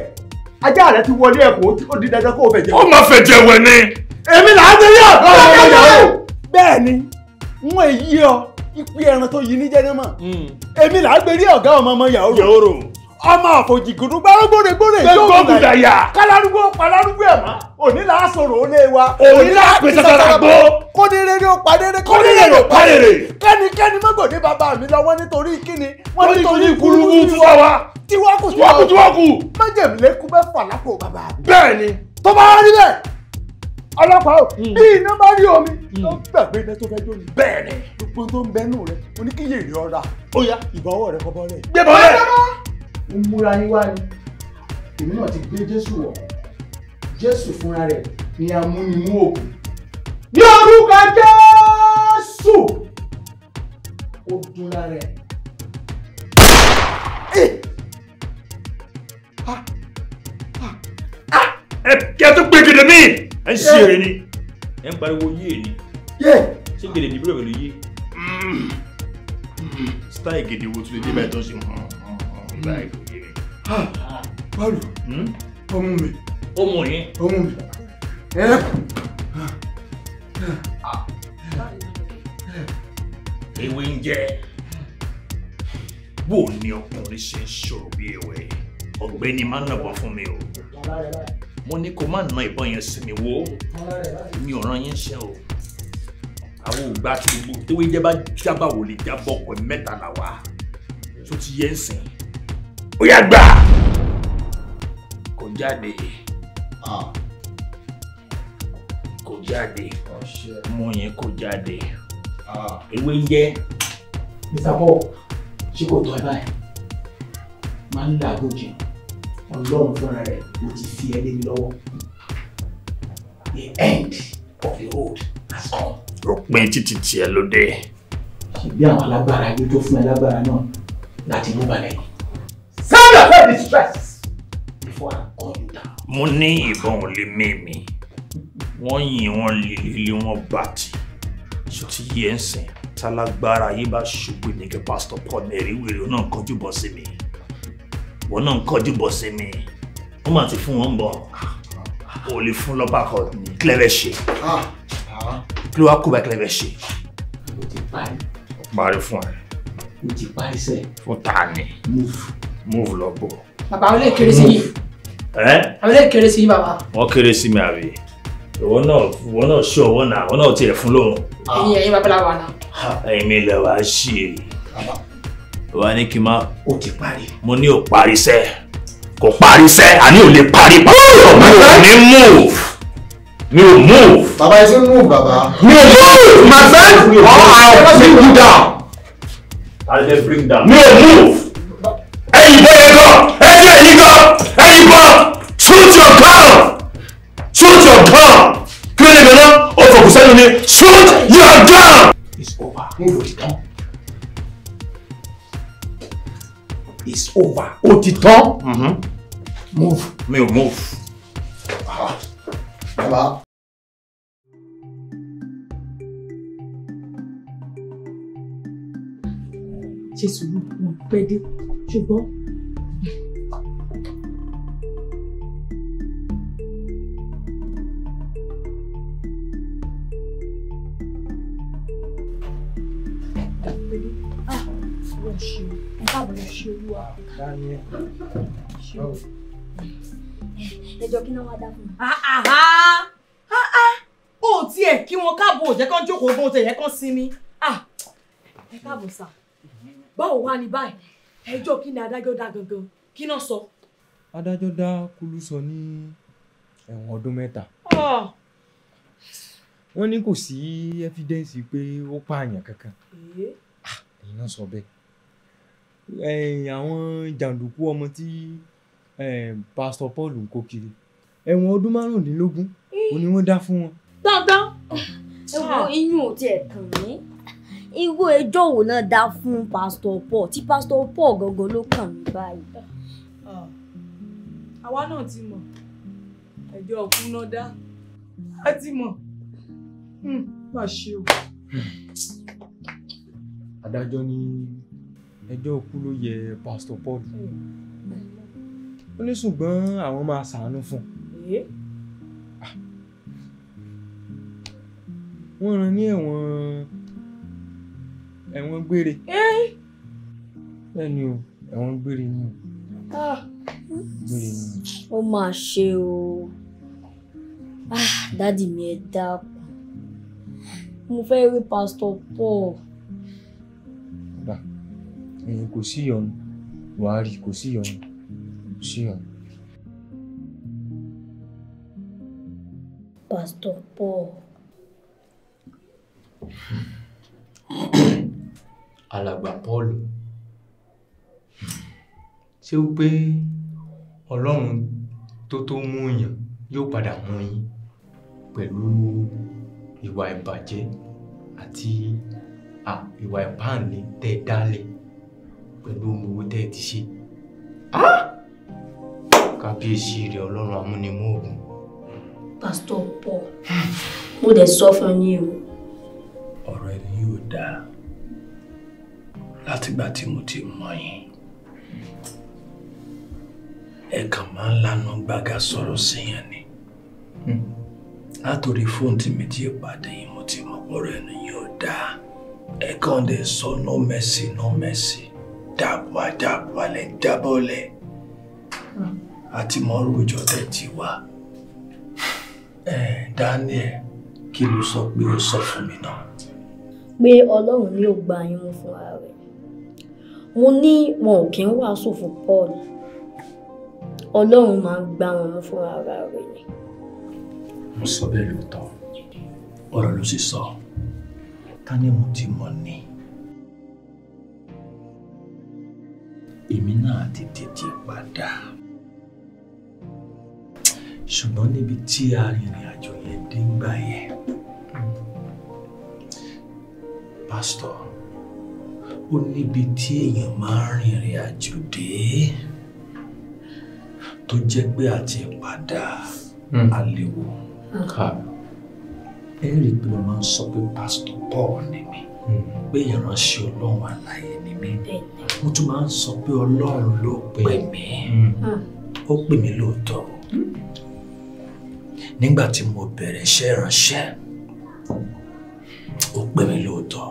ajá rẹ ti wọlé ẹ̀kọ́ tí ó di dandan kó o fẹ̀jẹ̀. ó máa fẹ̀jẹ̀ wẹ̀ ni. Benny, my á ti rí ọ̀dọ́ ọ̀dọ́ bẹ́ẹ̀ ni wọ́n èyí ọ ipi ẹran tó yí ní jẹ́nẹ́mọ̀ hmm. èmi là á ọmọ àfòjìgùdù gbárùgbòrè gbòrè yóò wù dàyà kálárúgbó palárúgbó ẹ̀ mọ́ òní là á sọ̀rọ̀ ó lé wa òní là á pè sàtàrà gbó kódéré ló padéré kódéré ló padéré kẹ́nikẹ́ni mọ́gòdé bàbá mi lọ́wọ́ nítorí kíni wọ́n nítorí ìkúrúkú fúwa wa tiwọ́kù tiwọ́kù tiwọ́kù májèmílẹ́kù mẹ́fà lápò bàbá mi. bẹ́ẹ̀ni tó bá rí bẹ́ẹ̀ ọlọ́pàá ò hmm. bí iná bá rí omi ló hmm. gbàgbé iná tó fẹ́ jó ni. bẹ́ẹ̀ni gbogbo tó ń bẹnu rẹ oníkíyèrè ọ̀ra ó yá ìbọ̀wọ́ rẹ kọ́ bọ́ rẹ. gbẹ̀bọ̀ rẹ ń múra yín wá ni èmi náà ti gbé jésù wọ̀ jésù fúnra rẹ̀ ni amúnimú òkú ní orúkọ jésù ó dúnra rẹ̀. kí ẹ tó gbé gèdè mí ẹ ń ṣe èrè ni ẹ ń pariwo yé ni ṣé gèdè ní bírò pẹ̀lú yé hmm. Hmm. style gèdè wo tún lè dé báyìí tó ṣe hàn. Hmm báàlù hmm. hmm? ọmọ mi. ọmọ yẹn. ọmọ mi. ewé ń jẹ bó ni ọkùnrin ṣe ń ṣòro bí ewé ọ̀gbẹ́ni máa ń nàbọ fún mi o mo ní kó má na ìbọn yẹn sí mi wo mi ò rán yín ṣe o àwọn ògbà tó gbogbo tó wí jẹ bá jábàwò lè ti yẹ ó yá gbà kò jáde ah. kò jáde oh, ọmọ yẹn kò jáde ah. ewé ń jẹ. mr paul ṣé kò tọ́ ẹ báyìí máa ń làágùn jù ọlọ́run fúnra rẹ̀ ló ti fi ẹ́ lọ́wọ́ the end of the road has come. òpin títí tiẹ̀ ló dé. ṣèbí àwọn alágbára yóò tó fún ẹ lágbára náà láti mú balẹ̀ yìí are the stress, before I call you down. Mo ní ìbọn ò lè mímì. Wọ́n yìn wọ́n lílé wọ́n bàtì. Ṣé ti yí ẹ̀ ń sìn? Tálágbára yìí bá ṣubú ìdíkẹ́ pásítọ̀ Paul Mary wèrè náà kọjú bọ̀ sí me? Wọ́n náà kọjú bọ̀ sí mi. Wọ́n máa ti fún wọn bọ̀. O lè fún lọ́ba kan ní clever ṣe. Ah, ah. Kí ló wá kó bá clever ṣe? Mo ti parí. Parí fún ẹ. Mo ti parí sẹ́. Fún ta ni? Move move lọ bọ̀. bàbá àwọn ilé kéré sí yìí. ẹ. àwọn ilé kéré sí yìí bàbá. wọ́n kéré sí mi àbí ìwọ náà ìwọ náà ṣe ọwọ́ náà àwọn náà tiẹ̀ fún lóhùn. ẹyin ẹyin bàbá làwọn náà. ẹyin mi lè wá ṣe é. wà á ní kí n má. ó ti parí. mo ní ò parí sẹ́ kò parí sẹ́ àní ò lè parí pa. mi ò ní move mi ò move. bàbá ẹ ti ń move bàbá. mi ò move my friend or I will bring you down. I will bring down. mi ò move. lẹ́nu ni shoot your gun. it's over Move nílò ìtàn it's over ó ti tán move. mi ò move. Ah. bàbá. ṣe sùúrù wọn pẹ́ dé ṣùgbọ́n ṣe ah, ẹ káàbọ̀ lọ ṣe olúwa. ẹjọ́ kí náà wá dá fún mi. ó ah, ah, tiẹ̀ kí wọn káàbọ̀ ò jẹ́ kán jókòó bó tẹ̀yẹ kán sinmi ẹ káàbọ̀ sà báwo wá ní báyìí ẹjọ́ kí ni adájọ́ dá gangan kí náà sọ. adájọ́ dá Kúlú sọ ní ẹ̀wọ̀n ọdún mẹ́ta. wọ́n ní kò sí ẹ́fídẹ́ǹsì pé ó pààyàn kankan. èyí náà sọ bẹ́ẹ̀ àwọn jàǹdùkú ọmọ tí pásítọ̀ Paul ń kó kiri ẹ̀wọ̀n ọdún márùndínlógún òun ni wọ́n dá fún wọn. dandan ah. ẹwọ ah. iyún ò tiẹ̀ kàn mí irú ẹjọ́ wo náà dá fún pásítọ̀ Paul tí pásítọ̀ Paul gangan ló kàn mí báyìí. Ah. àwa náà ti mọ̀ ẹjọ́ ọkùn náà dá a ti mọ̀ hmm, má ṣe o. Hmm. adájọ́ ní ẹjọ́ òkú ló yẹ pásítọ̀ Paul ó ní ṣùgbọ́n àwọn máa ṣàánú fún un ah. wọ́n rán ní ẹ̀wọ̀n ẹ̀wọ̀n gbére bẹ́ẹ̀ ni o ẹ̀wọ̀n gbére ni o ah. gbére ni o. ó máa ṣe o ah, dádì mi ẹ dákun mo fẹ́ rí pásítọ̀ Paul kò sí ìyọnu wàá kò sí ìyọnu kò sí ìyọnu. Pastor Paul. alàgbà Paul ṣé ó pé Ọlọ́run tó tó mú yàn yóò padà mú yín pẹ̀lú ìwà ìbàjẹ́ àti ìwà ìpáǹlé tẹ̀ dálẹ̀ pẹ̀lú owó tẹ́ ẹ ti ṣe. kábíyèsí rẹ̀ ọlọ́run amúnimóògùn. pásítọ̀ Paul mo dẹ̀ sọ fún yín o. ọ̀rọ̀ ẹni yóò dáa látìgbà tí mo ti mọ̀ yín ẹ kàn máa ń lanu gbága sọ̀rọ̀ síyàn ni látòrí fóònù tí mi ti pàdé yín mo ti mọ̀ ọ̀rọ̀ ẹni yóò dáa ẹ kàn dé sọ no mercy no mercy dààmú àdààmú alẹ̀ ń jábọ́lẹ̀ àti mọ́rú òjò tẹ̀ ti wá. Daniel kí ló sọ pé ó sọ fún mi náà. pé ọlọ́run ní ò gba yín mú fúnra rẹ̀ mo ní wọn ò kí ń wàásù fún Paul ọlọ́run máa ń gbá wọn mú fúnra rẹ̀ ni. mo sọ bẹ́ẹ̀ lóòótọ́ ọ̀rọ̀ ló sì sọ ká ní mo ti mọ̀ ni. èmi náà ti tètè padà ṣùgbọ́n níbi tí arìnrìn àjò yẹn dé ń gbà yẹn pásítọ̀ ó níbi tí èèyàn máa ń rìnrìn àjò dé tó jẹ́ pé àti padà àlèwò hmm. ẹ rí i pé mo máa ń sọ pé pásítọ̀ Paul ni mí hmm. pé ìránṣẹ́ Ọlọ́run àlàyé ni mí mo tún máa ń sọ pé ọlọ́run ló pè mí hmm. ah. ó pè mí lóòótọ́ hmm. nígbà tí mo bẹ̀rẹ̀ iṣẹ́ ìránṣẹ́ ó pè mí lóòótọ́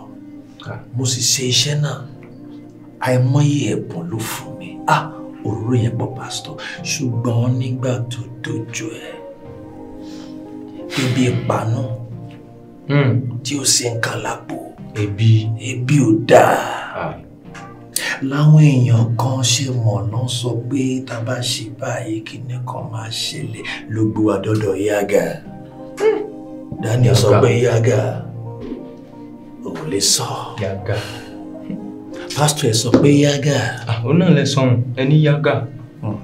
ah. mo sì ṣe iṣẹ́ náà àìmọye ẹ̀bùn ló fún mi ah òróró yẹn pọ̀ pásítọ̀ ṣùgbọ́n nígbà tó dojú ẹ̀ ebi ìpanu hmm. tí ó ṣe nǹkan lápò ebi ebi ò dáa. Ah láwọn èèyàn kan ṣe mọ̀nà sọ pé tá a bá ṣe báyìí kinní kan máa ṣẹlẹ̀ ló gbé wa dọ́dọ̀ yága hmm. Daniel sọ pé yága ò lè sọ yága pásítọ̀ ẹ̀ sọ pé yága àwọn ah, náà lè sọ̀rùn ẹni yága hmm.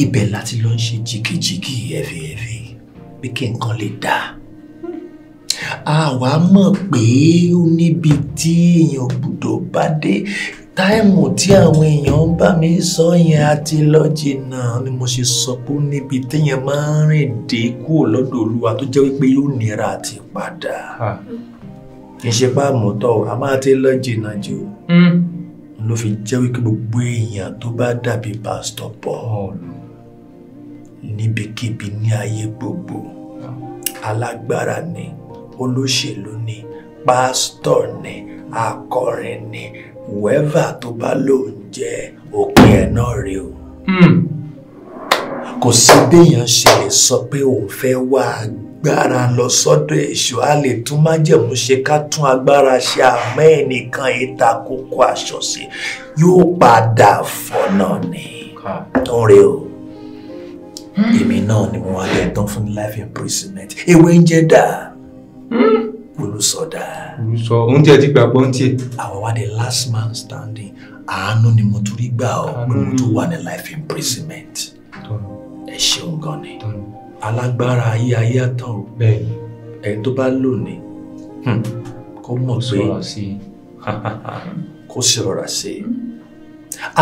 ibẹ̀ láti lọ ń ṣe jìgìjìgì ẹ̀fẹ̀ẹ̀fẹ̀ bí kí nǹkan lè dáa a wá mọ̀ pé ó níbi tí èèyàn gbọ́dọ̀ bá dé táìmù tí àwọn èèyàn ń bá mi sọ yẹn àti lọ jìnnà ni mo ṣe sọ pé ó níbi téèyàn máa ń rìn dé kúrò lọ́dọ̀ olúwa tó jẹ́ wípé yóò nira àti padà kì í ṣe pá mọ́tọ́ a máa ti lọ jìnnà jù hmm. ló fi jẹ́ wípé gbogbo èèyàn tó bá dàbí pásítọ̀ Paul oh, níbikíbi ní ayé gbogbo alágbára ni. Mm olóṣèlú ni pásítọ̀ ni akọrin ni wẹ́fà tó bá lòun jẹ́ òpin ẹ̀ náà rí o. Hmm. kò sí béèyàn ṣe lè sọ pé òun fẹ́ wá agbára lọ sọ́dọ̀ èṣù a lè tún májẹ̀mú ṣe ká tún agbára ṣe àmọ́ ẹnìkan ìta kókó aṣọ sí yóò padà fọ́nà ni. tó rí o hmm. èmi náà ni mo wà lẹ́ẹ̀dán fún life imprisonment ewé ń jẹ́ dáa olùsọdà. olùsọ òun tí ẹ ti gbàgbọ́ ń tiẹ̀. àwọn wa the last man standing àánú ni mo tún rí gbà ọ pé mo tún wà ní life imprisonment ẹ ṣeun gan ni alágbára ayé ayé àtàn o ẹ tó bá lónìí hmm, kó mọ̀ pé kó sì rọra sí i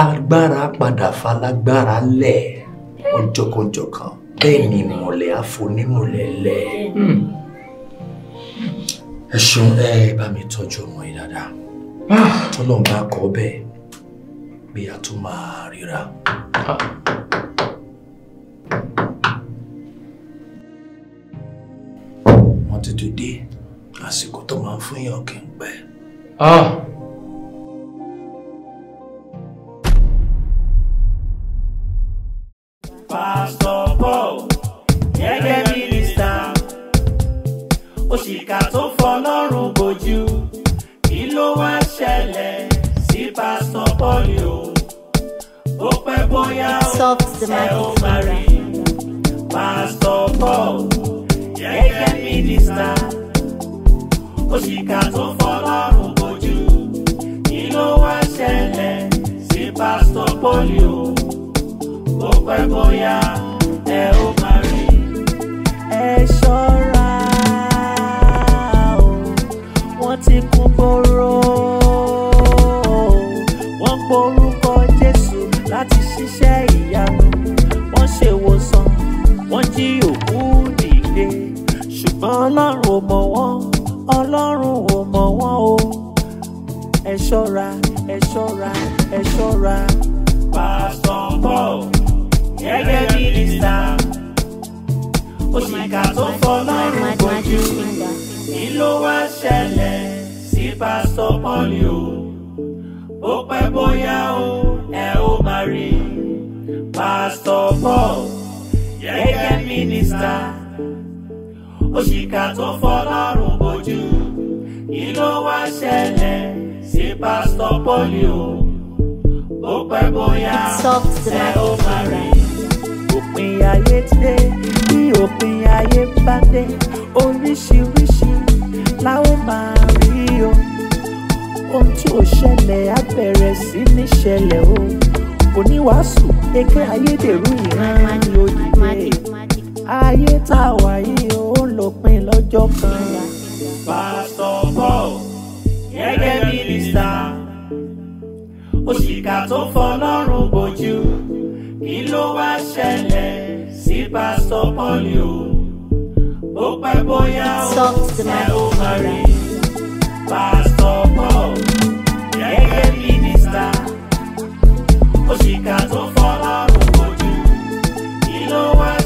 agbára padà falágbára lẹ̀ ọjọ́kọjọ́ kan bẹ́ẹ̀ ni ìmọ̀lẹ̀ àfonímọ̀lẹ̀ lẹ̀. Hmm ẹ ṣeun ẹ bá mi tọ́jú ọmọ yìí dáadáa tọ́lọ́n ah! bá kọ́ bẹ́ẹ̀ pé a tún máa ríra. Ah! wọ́n ti tún dé àsìkò tó máa ń fún yàn kí n pẹ́. Ah. the mighty Pastor Paul, yẹ́kẹ́ mínísítà, òṣìkà tó fọlọ́run kojú, kí ló wá ṣẹlẹ̀ sí Pastor o? Kò pẹ́ bóyá ẹ ó máa ṣọ́ra o, ti kún kóró. ọlọ́run ò mọ̀ wọ́n ọlọ́run ò mọ̀ wọ́n o ẹ ṣọ́ra ẹ ṣọ́ra ẹ ṣọ́ra. pásítọ̀ ń bọ̀ gẹ́gẹ́ bí mínísítà òṣìkà tó fọlọ́run kojú kí ló wá ṣẹlẹ̀ sí pásítọ̀ pọ́lì o ó pẹ́ bóyá o ẹ ó máa rí pásítọ̀ Paul gẹ́gẹ́ mínísítà òṣìkà tó fọlọ́run bojú kí ló wá ṣẹlẹ̀ sí pásítọ̀ pọ́lì o ó pẹ́ bóyá ṣe ó máa rí. òpin ayé dé bí òpin ayé bá dé oríṣiríṣi la máa rí o ohun tí ò ṣẹlẹ̀ á bẹ̀rẹ̀ sí ní ṣẹlẹ̀ o oníwàásù èké ayédèrú ìran ni oyè ayé tá a wà yìí ó ń lọ́jọ́ kan. pásítọ̀ Paul gẹ́gẹ́ mínísítà òṣìkà tó fọlọ́run bójú kí ló wá ṣẹlẹ̀ sí pásítọ̀ Paul o ó pẹ́ bóyá ó ẹ ó máa rí pásítọ̀ Paul gẹ́gẹ́ mínísítà òṣìkà tó fọlọ́run bójú kí ló wá ṣẹlẹ̀.